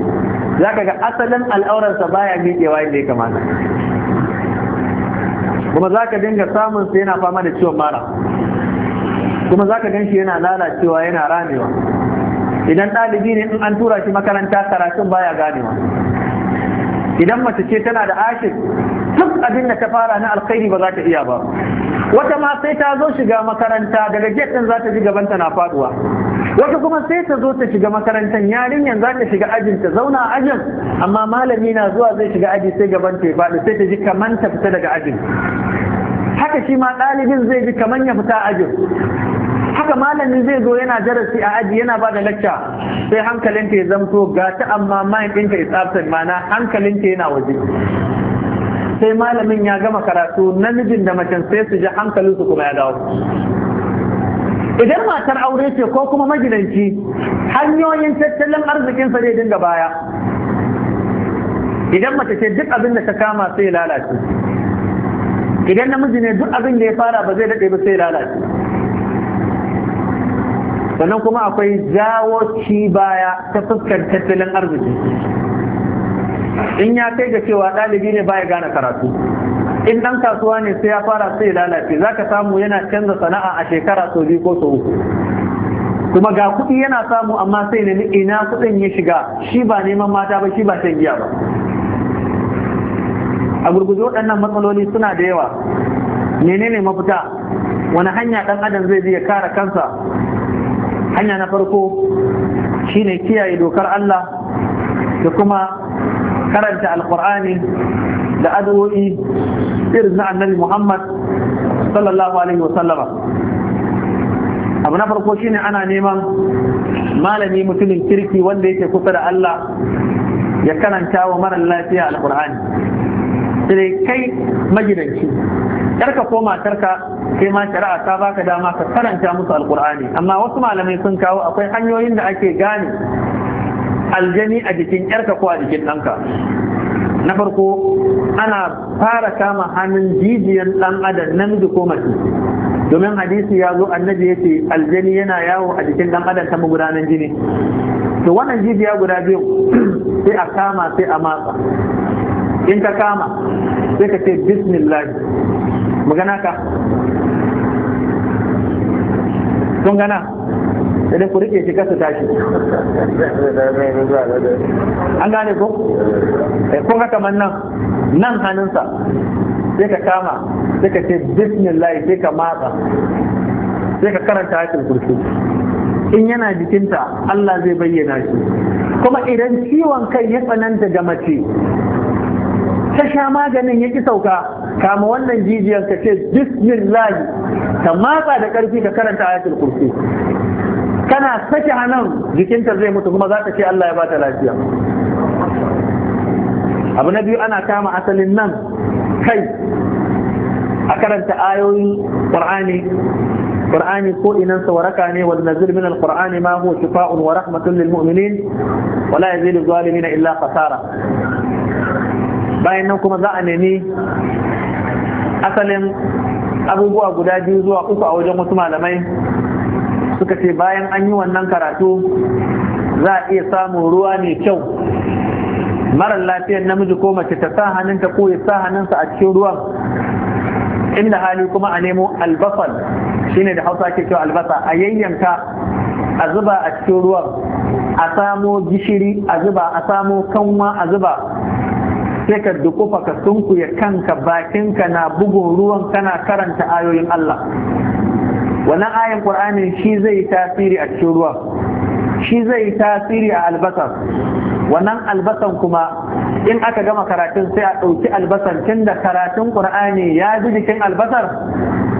Speaker 1: ka ga asalin al'auransa baya miƙewa yadda ya kamata kuma za ka dinga samun yana fama da ciwon mara kuma za ka ganshi yana lalacewa yana ramewa idan ɗalibi ne in an tura shi makaranta karatun baya ganewa idan mace ce tana da ashir duk abin da ta fara na alkhairi ba za ta iya ba wata ma sai ta zo shiga makaranta daga gate din za ta ji gabanta na faduwa wata kuma sai ta zo ta shiga makarantar yarinyar za ta shiga ajin ta zauna a ajin amma malami na zuwa zai shiga aji sai gaban ta faɗi sai ta ji kamar ta fita daga ajin haka shi ma ɗalibin zai ji kamar ya fita ajin haka malamin zai zo yana darasi a aji yana ba da lacca sai hankalinta ya zamto ga ta amma mind ɗinka is absent mana hankalinta yana waje sai malamin ya gama karatu namijin da macen sai su ji su kuma ya dawo idan matar aure ce ko kuma magidanci hanyoyin tattalin arzikinsa zai dinga baya idan mace ce duk abin da ta kama sai lalace idan namiji ne duk abin da ya fara ba zai daɗe ba sai lalace sannan kuma akwai jawo ci baya ta fuskar tattalin arziki in ya kai ga cewa ɗalibi ne baya gane karatu in ɗan kasuwa ne sai ya fara sai lalace za ka samu yana canza sana'a a shekara sau biyu ko sau uku kuma ga kuɗi yana samu amma sai ne ina kuɗin ya shiga shi ba neman mata ba shi ba shan giya ba a gurguje waɗannan matsaloli suna da yawa menene mafita wani hanya ɗan adam zai ya kare kansa hanya na farko shine kiyaye dokar Allah da kuma karanta alkur'ani da addu'o'i irin na annabi Muhammad sallallahu alaihi wa sallama abu na farko shine ana neman malami mutumin kirki wanda yake kusa da Allah ya karanta wa mara lafiya alkur'ani sai kai magidanci karka ko matarka sai ma shari'a ta baka dama ka karanta musu alkur'ani amma wasu malamai sun kawo akwai hanyoyin da ake gane aljani a jikin yarka ko a jikin ɗanka na farko ana fara kama hannun jijiyan ɗan adam namiji ko mace domin hadisi ya zo annabi ya ce aljani yana yawo a jikin ɗan adam ta magudanan jini to wannan jijiya guda biyu sai a kama sai a matsa in ka kama sai ka ce bismillah magana ka sun gana idan ku rike shi kasa tashi an gane ko eh, kun haka man nan nan hannunsa sai ka kama sai ka ce bismillah sai ka matsa sai ka karanta hatin kurfi in yana jikinta Allah zai bayyana shi kuma idan ciwon kai ya tsananta ga mace ta sha maganin ya ki sauka kama wannan jijiyar ka ce bismillah ka matsa da ƙarfi ka karanta ayatul kursi kana sake hannun jikinta zai mutu kuma za ta ce Allah ya ba ta lafiya abu na biyu ana kama asalin nan kai a karanta ayoyin ƙur'ani qur'ani ko inansa waraka ne wani nazir min al qur'ani ma huwa shifaa'un wa rahmatun lil mu'minin wa yazidu zalimina illa khasara bayan nan kuma za a nemi asalin abubuwa guda biyu zuwa uku a wajen wasu malamai suka ce bayan an yi wannan karatu za a iya samun ruwa mai kyau marar lafiyar namiji ko mace ta sa hannunta ko ya sa hannunsa a cikin ruwan inda hali kuma a nemo albasal shine da hausa ke kyau albasa a yayyanka a zuba a cikin ruwan a samo gishiri a zuba a samo kanwa a zuba sai ka dukufa ka sunkuya kanka bakinka na bugun ruwan kana karanta ayoyin Allah wannan ayan qur'anin shi zai tasiri a cikin ruwa shi zai tasiri a albasar wannan albasan kuma in aka gama karatun sai a ɗauki albasan tun da karatun ƙur'ani ya ji jikin albasar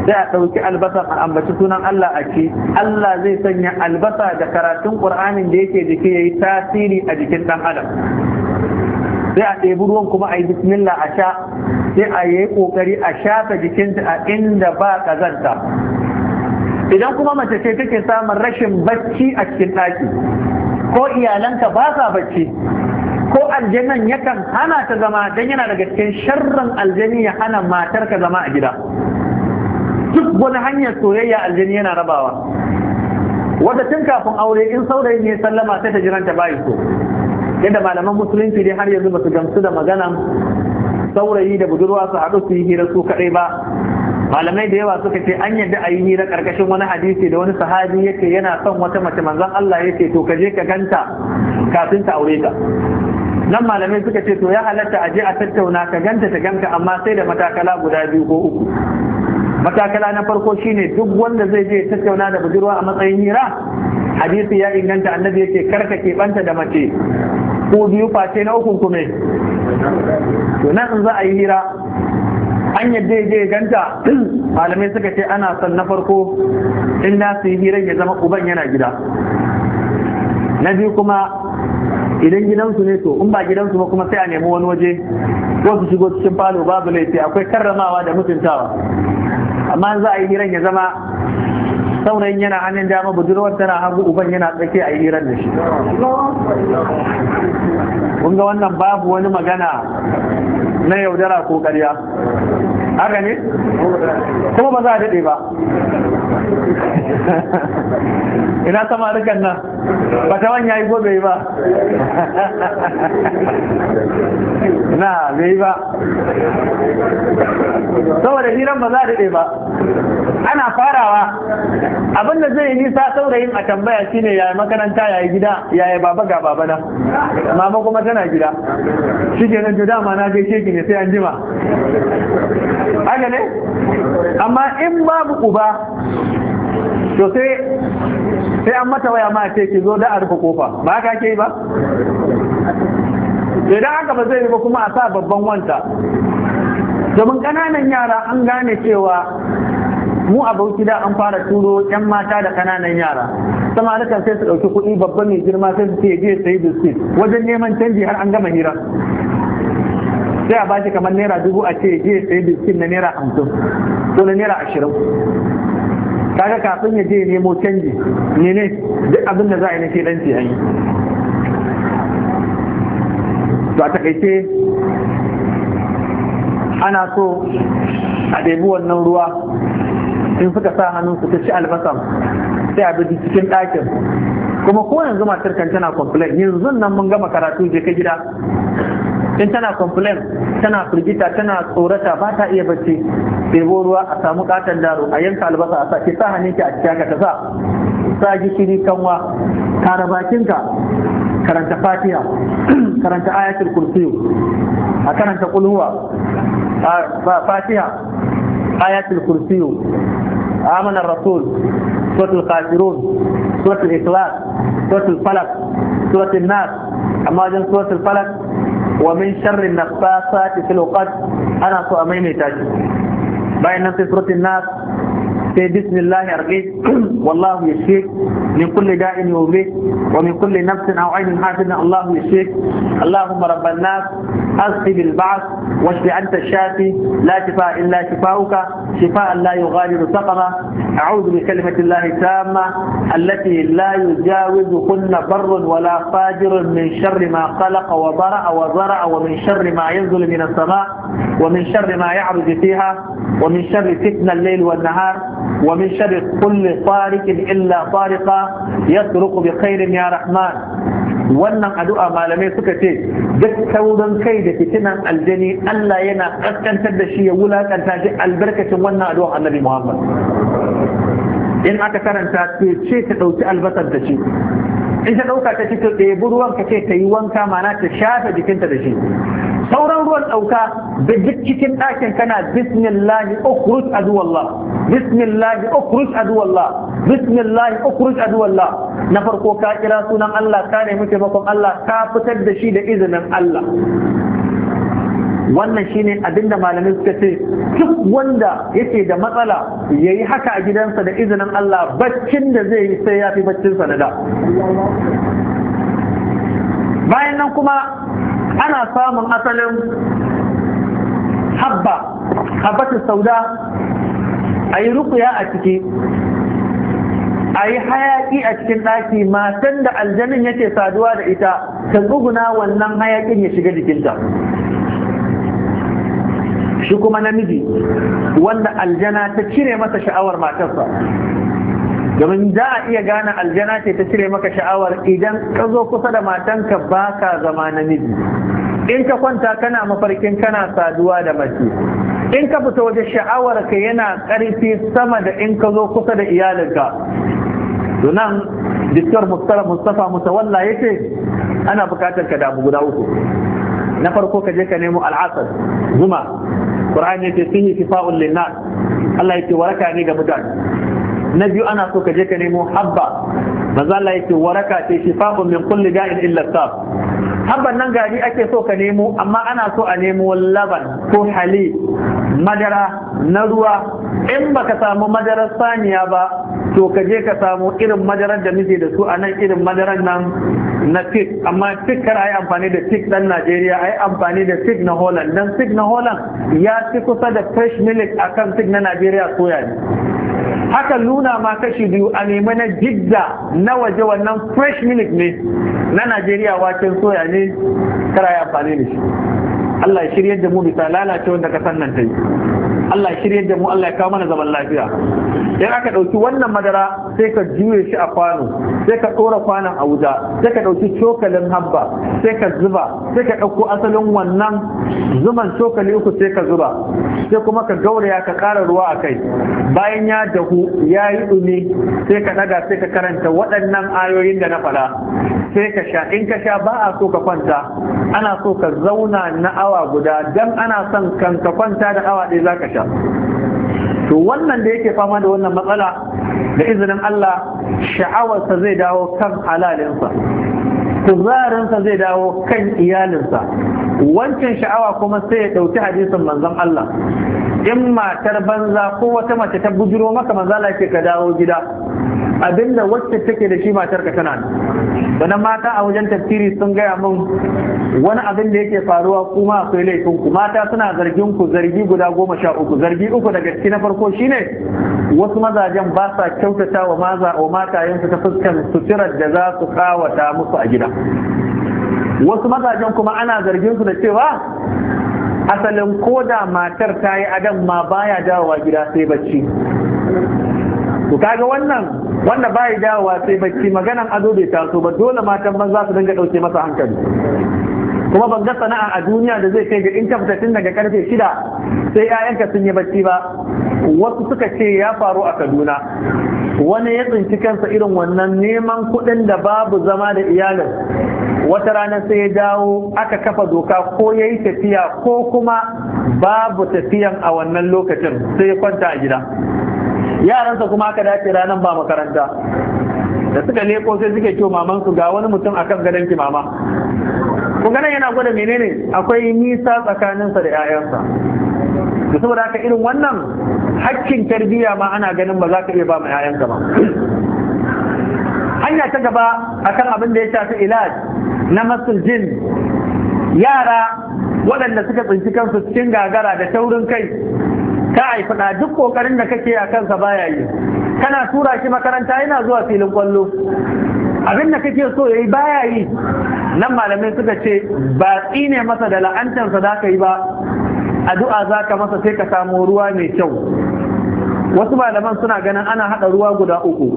Speaker 1: sai a ɗauki albasar a ambaci sunan Allah a ci Allah zai sanya albasa da karatun ƙur'anin da yake jiki ya yi tasiri a jikin ɗan adam sai a ɗebi ruwan kuma a yi bismillah a sha sai a yi ƙoƙari a shafa jikinta a inda ba kazanta. idan kuma mace ce take samun rashin bacci a cikin ɗaki ko iyalanka ba sa bacci ko aljanan yakan hana ta zama don yana daga cikin sharrin aljani ya hana matarka zama a gida duk wani hanyar soyayya aljani yana rabawa wadda tun kafin aure in saurayi ne sallama sai ta jiranta bayi so yadda malaman musulunci dai har yanzu ba su gamsu da maganan saurayi da budurwa su haɗu su yi hira su kaɗai ba malamai da yawa suka ce an yadda a yi hira ƙarƙashin wani hadisi da wani sahabi yake yana son wata mace manzon Allah ya ce to ka je ka ganta kafin ta aure ta nan malamai suka ce to ya halatta a je a tattauna ka ganta ta ganka amma sai da matakala guda biyu ko uku matakala na farko shine duk wanda zai je tattauna da budurwa a matsayin hira hadisi ya inganta annabi yake karka keɓanta da mace ko biyu face na uku kuma to nan in za a yi hira an yadda je ganta malamai suka ce ana son na farko in na su yi hiran ya zama uban yana gida na biyu kuma idan gidansu ne to in ba gidansu ba kuma sai a nemi wani waje ko su shigo cikin falo babu laifi akwai karramawa da mutuntawa amma za a yi hiran ya zama saurayin yana hannun dama budurwar tana hagu uban yana tsake a yi hiran da shi kun wannan babu wani magana na yaudara ko karya haka ne kuma ba za a daɗe ba ina samarukan nan ba ta ya yi gobe ba na bai ba saboda hiran ba za a daɗe ba ana farawa abinda zai yi nisa saurayin a tambaya shine yayi makaranta yayi gida yayi baba ga baba na mama kuma tana gida shi ke nan dama na gaishe shekin ne sai an jima haka ne amma in babu uba to sai sai an mata waya ma ce ki zo da a rufe kofa ba ka ke ba idan haka ba zai ba kuma a sa babban wanta domin kananan yara an gane cewa mu a da an fara turo yan mata da kananan yara sama kan sai su ɗauki kuɗi babba mai girma sai su je sai biskit wajen neman canji har an gama hira sai a shi kamar naira dubu a ce je sai biskit na naira hamsin ko na naira ashirin kaga kafin ya je nemo canji ne ne duk abin da za a yi na ke kedanci an yi to a takaice ana so a ɗebi wannan ruwa in suka sa hannun su ta ci albasan sai a bi cikin ɗakin kuma ko yanzu matar kan tana complain yanzu nan mun gama karatu je ka gida in tana complain tana firgita tana tsorata ba ta iya bacci ɗebo ruwa a samu katon daro a yanka albasa a sa ki sa hannunki a cikin ka sa sa gishiri kanwa kara bakinka karanta fatiha karanta ayatul kursiyu a karanta kulhuwa fatiha ayatul kursiyu amana rasul suratul kafirun suratul ikhlas suratul falak suratul nas amma wajen suratul falak ومن شر النفاثات في الوقت أنا سوء ميمي تاجي بين في سورة الناس في بسم الله أرقيك والله يشفيك من كل داء يوبيك ومن كل نفس أو عين حاسد الله يشفيك اللهم رب الناس أصب بالبعث واشف أنت الشافي لا شفاء إلا شفاؤك شفاء لا يغادر سقما أعوذ بكلمة الله التامة التي لا يجاوز كن بر ولا فاجر من شر ما خلق وبرأ وزرع ومن شر ما ينزل من السماء ومن شر ما يعرج فيها ومن شر فتن الليل والنهار ومن شر كل طارق إلا طارقا يطرق بخير يا رحمن wannan addu'a malamai suka ce duk sauran kai da fitinan aljani Allah yana ƙasƙantar da shi ya wulakanta shi albarkacin wannan addu'a annabi Muhammad in aka karanta ce ta ɗauki albasar da shi in ta ɗauka ta cikin ta ɗebi ruwan ka ce ta yi wanka mana ta shafe jikinta da shi sauran ruwan ɗauka da duk cikin ɗakin kana bismillahi ukhruj aduwallah bismillahi ukhruj aduwallah bismillahi ukhruj aduwallah na farko ka kira sunan Allah ka nemi taimakon Allah ka fitar da shi da izinin Allah wannan shine abinda malamai suka ce duk wanda yake da matsala yayi haka a gidansa da izinin Allah baccin da zai yi sai ya fi baccinsa na da bayan nan kuma ana samun asalin habba habbatu sauda a yi rukuya a ciki a yi hayaƙi a cikin ɗaki matan da aljanin yake saduwa da ita ta tsuguna wannan hayaƙin ya shiga jikinta shi kuma namiji wanda aljana ta cire masa sha'awar matarsa domin za a iya gane aljana ce ta cire maka sha'awar idan ka zo kusa da matanka ba ka zama namiji in ka kwanta kana mafarkin kana saduwa da mace in ka fita waje sha'awar ka yana ƙarfi sama da in ka zo kusa da iyalinka donan diktar mustafa mutawalla ya ce ana bukatar ka damu guda uku na farko ka je ka nemo al'asar zuma Qur'an yake fihi shifa'un linnas Allah yake waraka ne ga mutane na biyu ana so ka je ka nemo habba manzo Allah yake waraka ce shifa'un min kulli da'in illa saf. habban nan gari ake so ka nemo amma ana so a nemo laban ko hali madara na ruwa in baka samu madarar saniya ba to ka je ka samu irin madarar da muke da su a nan irin madarar nan na fig amma fig kar a amfani da fig dan Najeriya a yi amfani da fig na Holland dan fig na Holland ya fi kusa da fresh milk akan fig na Najeriya soya ne haka nuna ma kashi biyu a nemi na jidda na waje wannan fresh milk ne na najeriya waken soya ne kara ya fane da shi Allah shirya da mu bisa lalace wanda kasan nan ta yi Allah ya shirye da mu Allah ya kawo mana zaman lafiya Idan aka ɗauki wannan madara sai ka juye shi a kwano sai ka ɗora kwanon a wuta sai ka ɗauki cokalin habba sai ka zuba sai ka ɗauko asalin wannan zuman cokali uku sai ka zuba sai kuma ka gauraya ka kara ruwa a kai bayan ya dahu ya yi ɗumi sai ka ɗaga sai ka karanta waɗannan ayoyin da na faɗa sai ka sha in ka sha ba a so ka kwanta ana so ka zauna na awa guda dan ana son kan ka kwanta da awa ɗaya za ka sha to wannan da yake fama da wannan matsala da izinin Allah sha'awarsa zai dawo kan halalinsa kuzarinsa zai dawo kan iyalinsa wancan sha'awa kuma sai ya ɗauki hadisin manzon Allah in matar banza ko wata mace ta bujiro maka manzala ke ka dawo gida abinda wacce take da shi matar ka tana bana mata a wajen tafsiri sun gaya mun wani abin da yake faruwa kuma akwai laifin ku mata suna zargin ku zargi guda goma sha uku zargi uku daga ciki na farko shine wasu mazajen ba sa kyautata wa maza wa matayensu ta fuskan suturar da za su kawata musu a gida wasu mazajen kuma ana zargin su da cewa asalin koda matar ta yi adam ma baya dawowa gida sai bacci to kaga wannan wanda bai dawowa sai bacci maganan ado bai taso ba dole matan maza su dinga dauke masa hankali kuma ban ga sana'a a duniya da zai kai ga in ka daga karfe shida sai 'ya'yanka sun yi bacci ba wasu suka ce ya faru a kaduna wani ya tsinci kansa irin wannan neman kuɗin da babu zama da iyalin wata rana sai ya dawo aka kafa doka ko ya yi tafiya ko kuma babu tafiyan a wannan lokacin sai ya kwanta a gida yaransa kuma aka dace ranar ba makaranta da suka leko sai suke kyau mamansu ga wani mutum akan gadon ki mama kun yana gwada menene akwai nisa tsakaninsa da 'ya'yansa da saboda haka irin wannan hakkin tarbiyya ma ana ganin ba za ka iya ba ma 'ya'yanka ba hanya ta gaba akan abin da ya shafi ilaj na masul jin yara waɗanda suka tsinci kansu cikin gagara da taurin kai ka yi duk kokarin da kake a kansa baya yi kana tura shi makaranta yana zuwa filin kwallo abin da kake so yayi baya yi nan malamai suka ce ba tsine masa da la'antarsa za ka yi ba addu'a za ka masa sai ka samu ruwa mai kyau wasu malaman suna ganin ana haɗa ruwa guda uku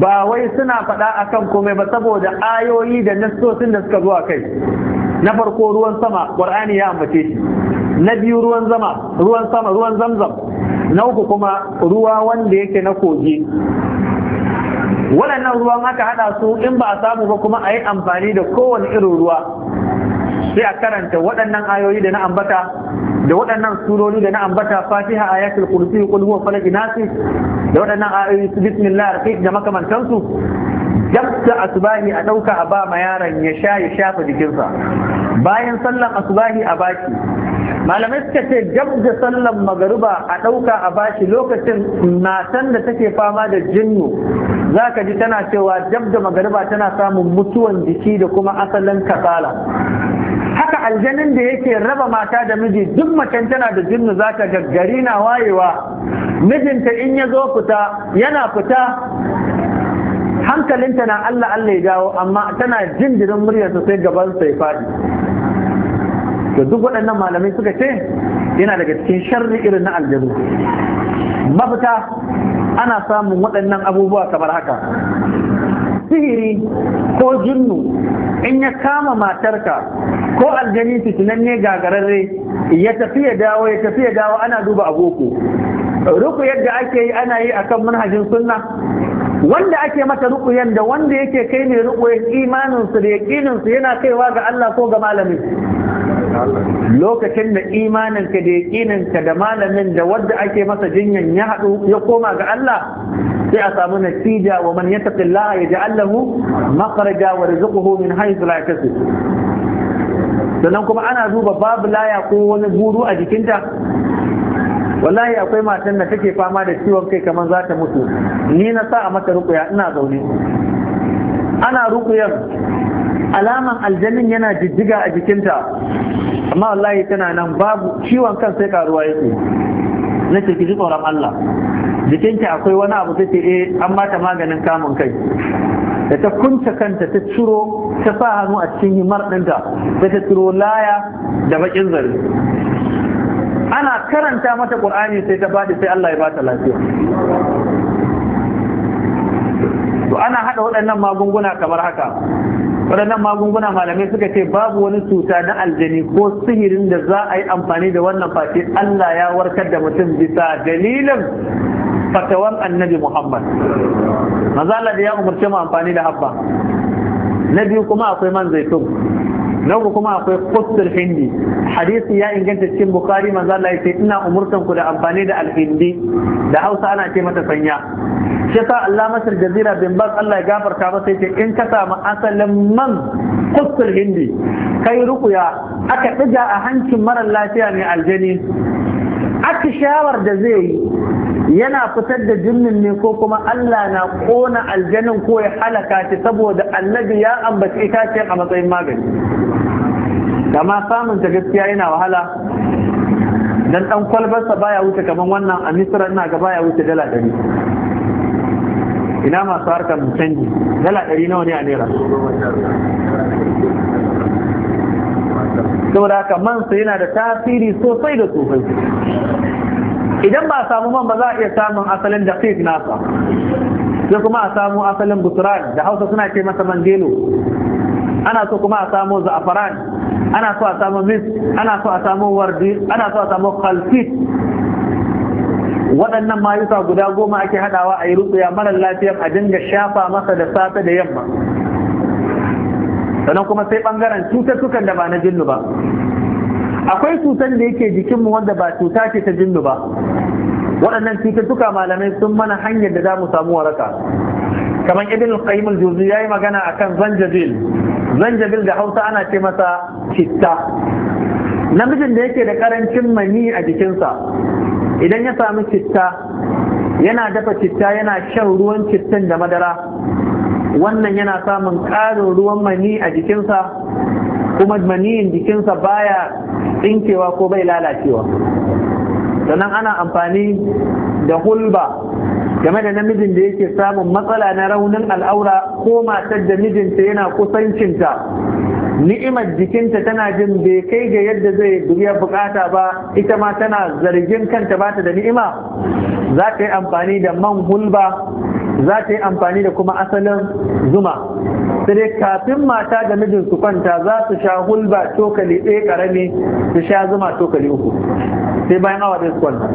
Speaker 1: ba wai suna faɗa akan komai ba saboda ayoyi da nassosin da suka zuwa kai na farko ruwan sama Ƙur'ani ya ambace shi na biyu ruwan zama ruwan sama ruwan zamzam na uku kuma ruwa wanda yake na kogi waɗannan ruwan aka haɗa su in ba a samu ba kuma a yi amfani da kowane irin ruwa sai a karanta waɗannan ayoyi da na ambata da waɗannan surori da na ambata fatiha a kursi qul huwa falaki nasi da waɗannan ayoyi su bismillah arqi da makamantansu dabta asubahi a ɗauka a ba ma yaron ya sha ya shafa jikinsa bayan sallan asubahi a baki malamai suka ce gab da sallan magariba a ɗauka a bashi lokacin matan da take fama da jinnu za ka ji tana cewa gab da magariba tana samun mutuwan jiki da kuma asalin kasala haka aljanin da yake raba mata da miji duk macen tana da jinnu za ka gaggari na wayewa mijinta in ya zo fita yana fita hankalinta na Allah Allah ya dawo amma tana jin jirin muryarsa sai gaban ya faɗi to duk waɗannan malamai suka ce yana daga cikin sharri irin na aljanu mafita ana samun waɗannan abubuwa kamar haka sihiri ko jinnu in ya kama matarka ko aljani fitinanne gagararre ya tafi ya dawo ya tafi ya dawo ana duba aboko ruku yadda ake yi ana yi akan manhajin sunna wanda ake mata rukuyen da wanda yake kai mai rukuyen imaninsu da yaƙininsu yana kaiwa ga Allah ko ga malamin lokacin da imaninka da yaƙininka da malamin da wadda ake masa jinyan ya haɗu ya koma ga Allah sai a samu natija wa man yattaqillaha yaj'al lahu makhraja wa yarzuquhu min haythu la yahtasib sannan kuma ana duba babu laya ko wani buru a jikinta wallahi akwai matan da take fama da ciwon kai kamar za ta mutu ni na sa a mata rukuya ina zaune ana rukuya alaman aljannin yana jijjiga a jikinta amma wallahi tana nan babu ciwon kan sai karuwa yake ce ki ji tsoron Allah Jikinta akwai wani abu take eh an mata maganin kamun kai da ta kunta kanta ta ciro ta sa hannu a cikin himar ɗinta da ta ciro laya da bakin zare ana karanta mata ƙur'ani sai ta bada sai Allah ya bata lafiya to ana hada waɗannan magunguna kamar haka waɗannan magunguna malamai suka ce babu wani cuta na aljani ko sihirin da za a yi amfani da wannan face Allah ya warkar da mutum bisa dalilin fatawan annabi Muhammad Maza Allah da ya umarci mu amfani da habba na biyu kuma akwai man zaitun na kuma akwai kusur hindi hadisi ya inganta cikin bukari manzo Allah yace ina umurtan ku da amfani da alhindi da Hausa ana ce mata sanya shi yasa Allah masar jazira bin bas Allah ya gafarta masa yace in ka samu asalin man kusur hindi kai rukuya aka ɗiga a hancin marar lafiya ne aljani shawar da zai yi yana fitar da jinnin ne ko kuma Allah na kona aljanin ko ya halaka ta saboda annabi ya ambaci itaciyar a matsayin magani kama samun ta gaskiya yana wahala dan dan kwalbarsa baya wuce kaman wannan a misra ina ga baya wuce dala ɗari ina masu harkar canji dala ɗari nawa ne a naira saboda haka man yana da tasiri sosai da sosai idan ba a samu man ba za a iya samun asalin da daqiq nasa sai kuma a samu asalin buturan da hausa suna ce masa mangelo ana so kuma a samu za'afaran ana so a samu mis ana so a samu wardi ana so a samu khalfit waɗannan mayuka guda goma ake haɗawa a yi rutsuya marar lafiyar a dinga shafa masa da safe da yamma sannan kuma sai bangaren cututtukan da ba na jinnu ba akwai cutar da yake jikinmu wanda ba cuta ce ta jinnu ba waɗannan cututtuka malamai sun mana hanyar da za mu samu waraka kamar ibn al-qayyim al-juzi yayi magana akan zanjabil zanjabil da Hausa ana ce masa citta namijin da yake da karancin mani a jikinsa idan ya samu citta yana dafa citta yana shan ruwan cittan da madara wannan yana samun ƙarin ruwan mani a jikinsa kuma maniyin jikinsa baya tsinkewa ko bai lalacewa sannan ana amfani da hulba game da namijin da yake samun matsala na raunin al'aura ko matar da mijinta yana kusancinta ni'imar jikinta tana jin bai kai ga yadda zai biya bukata ba ita ma tana zargin kanta bata da ni'ima za ta yi amfani da man hulba za ta yi amfani da kuma asalin zuma sai kafin mata da mijin su kwanta za su sha hulba cokali ɗaya ƙarami su sha zuma cokali uku sai bayan awa ɗaya su kwanta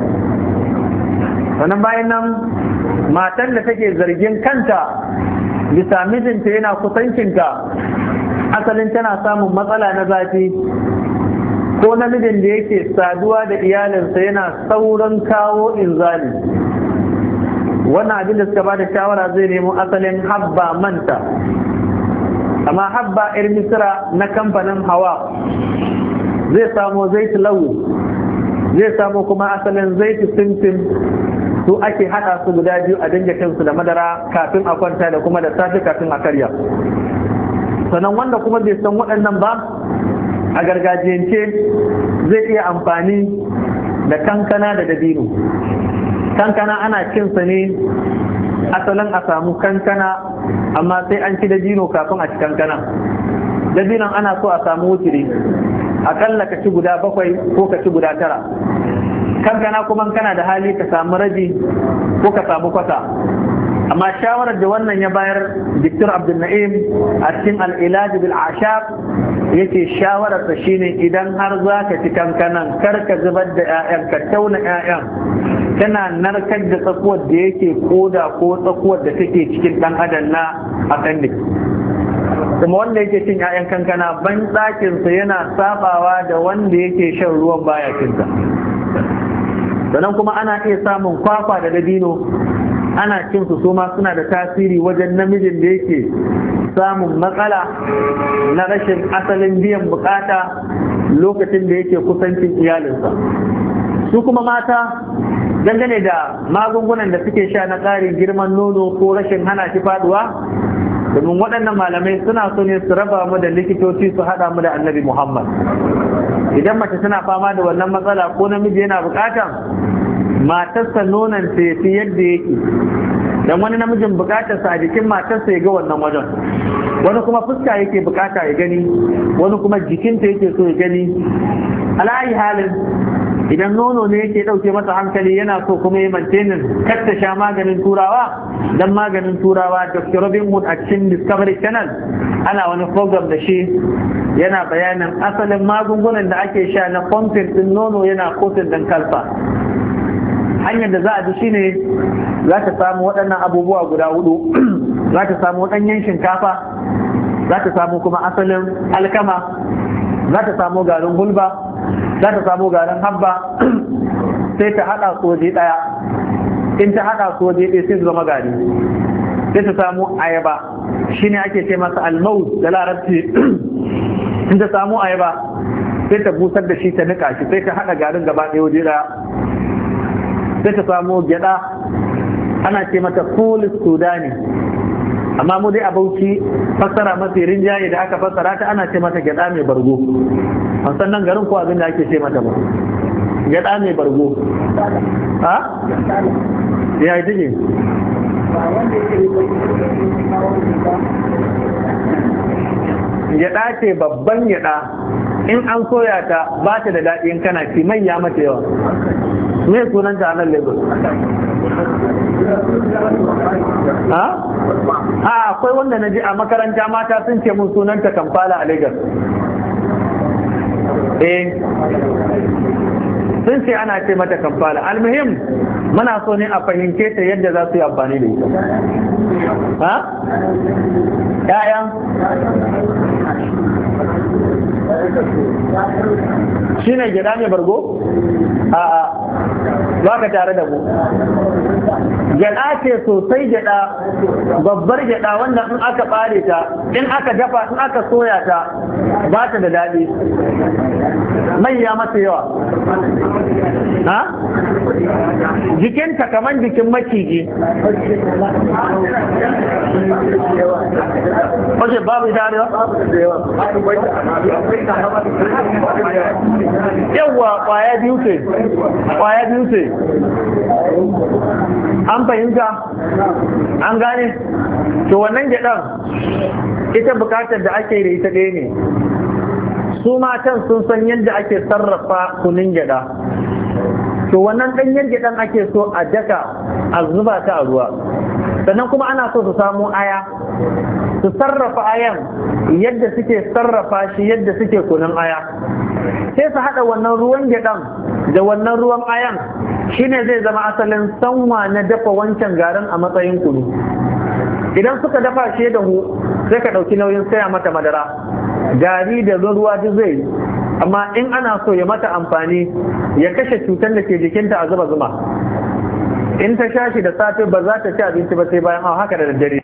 Speaker 1: Wani bayan nan matan da take zargin kanta bisa mijinta yana kusancinta asalin tana samun matsala na zafi ko namijin da yake saduwa da iyalinsa yana sauran kawo inzali wannan abin da suka ba da shawara zai nemo asalin habba manta amma habba irin misira na kamfanin hawa zai samo zai lau, zai samo kuma asalin zai sintin su ake hada su guda biyu a dinga kansu da madara kafin a kwanta da kuma da safe kafin a karya sannan wanda kuma bai san waɗannan ba a gargajiyance zai iya amfani da kankana da dabino kankana ana cinsa ne asalin a samu kankana amma sai an ci dabino kafin a ci kankana dabinan ana so a samu wuturi akalla ka ci guda bakwai ko ka ci guda tara kankana kuma kana da hali ka samu rabi ko ka samu kwata amma shawarar da wannan ya bayar diktar abdulna'im a cikin al'ilaji bil ashab yake shawararsa shine idan har za ka ci kankanan kar ka zubar da 'ya'yan ka tauna 'ya'yan tana narkar da tsakuwar da yake koda ko tsakuwar da take cikin dan adam na a appendix kuma wanda yake cin 'ya'yan kankana ban yana sabawa da wanda yake shan ruwan baya cinsa sannan kuma ana iya samun kwakwa da dabino ana cin su suma suna da tasiri wajen namijin da yake samun matsala na rashin asalin biyan bukata lokacin da yake kusancin iyalinsa su kuma mata dangane da magungunan da suke sha na ƙarin girman nono ko rashin hana shi faduwa domin waɗannan malamai suna so ne su raba mu da likitoci su haɗa mu da annabi muhammad idan mace tana fama da wannan matsala ko namiji yana bukatan matarsa nonon ta yafi yadda yake dan wani namijin bukatar sa jikin matarsa ya ga wannan wajen wani kuma fuska yake bukata ya gani wani kuma jikinta yake so ya gani alayi halin idan nono ne yake dauke masa hankali yana so kuma ya mantenin katta sha maganin turawa dan maganin turawa dr robin hood a cikin discovery channel ana wani program da shi yana bayanin asalin magungunan da ake sha na pumping din nono yana kotun dan kalfa hanyar da za a bi shine za ta samu waɗannan abubuwa guda hudu za ta samu ɗanyen shinkafa za ta samu kuma asalin alkama za ta samu garin gulba za ta samu garin habba sai ta haɗa soje ɗaya in ta haɗa soje ɗaya sai zama gari sai ta samu ayaba Shi ne ake ce masa almau da larabci in ta samu ayaba sai ta busar da shi ta nika shi sai ta haɗa garin gaba ɗaya waje ɗaya sai ta samu gyada ana ce mata full sudani amma mu dai abauci fassara mafi rinjaye da aka fassara ta ana ce mata gyada mai bargo san nan garin ko abin da ake ce mata ba gyada mai bargo ha ya yi dige gyada ce babban gyada in an soya ta ba ta da daɗi kana ci manya mata yawa me sunan ta nan lagos ha a akwai wanda na ji a makaranta mata sun ce mun sunan ta kamfala a lagos eh sun ce ana ce mata kamfala almuhim muna so ne a fahimce ta yadda za su yi amfani da ita ha ƴaƴan shi ne gida mai bargo a a ba ka tare da mu gyaɗa ce sosai gyaɗa babbar gyaɗa wanda in aka ɓare ta in aka dafa in aka soya ta ba ta da daɗi mai ya masa yawa jikinta kamar jikin maciji wace babu ita arewa? yawwa kwaya biyu ce kwaya biyu ce an fahimta an gane to wannan gyaɗan ita bukatar da ake da ita ɗaya ne su matan sun san yadda ake sarrafa kunin gyaɗa to wannan ɗanyen gyaɗan ake so a daka a zuba ta a ruwa sannan kuma ana so su samu aya su sarrafa ayan yadda suke sarrafa shi yadda suke kunan aya sai su haɗa wannan ruwan gyaɗan da wannan ruwan ayan shine zai zama asalin sanwa na dafa wancan garin a matsayin kunu idan suka dafa shi da hu sai ka ɗauki nauyin saya mata madara gari da ruwa duk zai yi, amma in ana so ya mata amfani ya kashe cutar da ke jikinta a zuba zuma in ta sha shi da safe ba za ta ci abinci ba sai bayan haka da daddare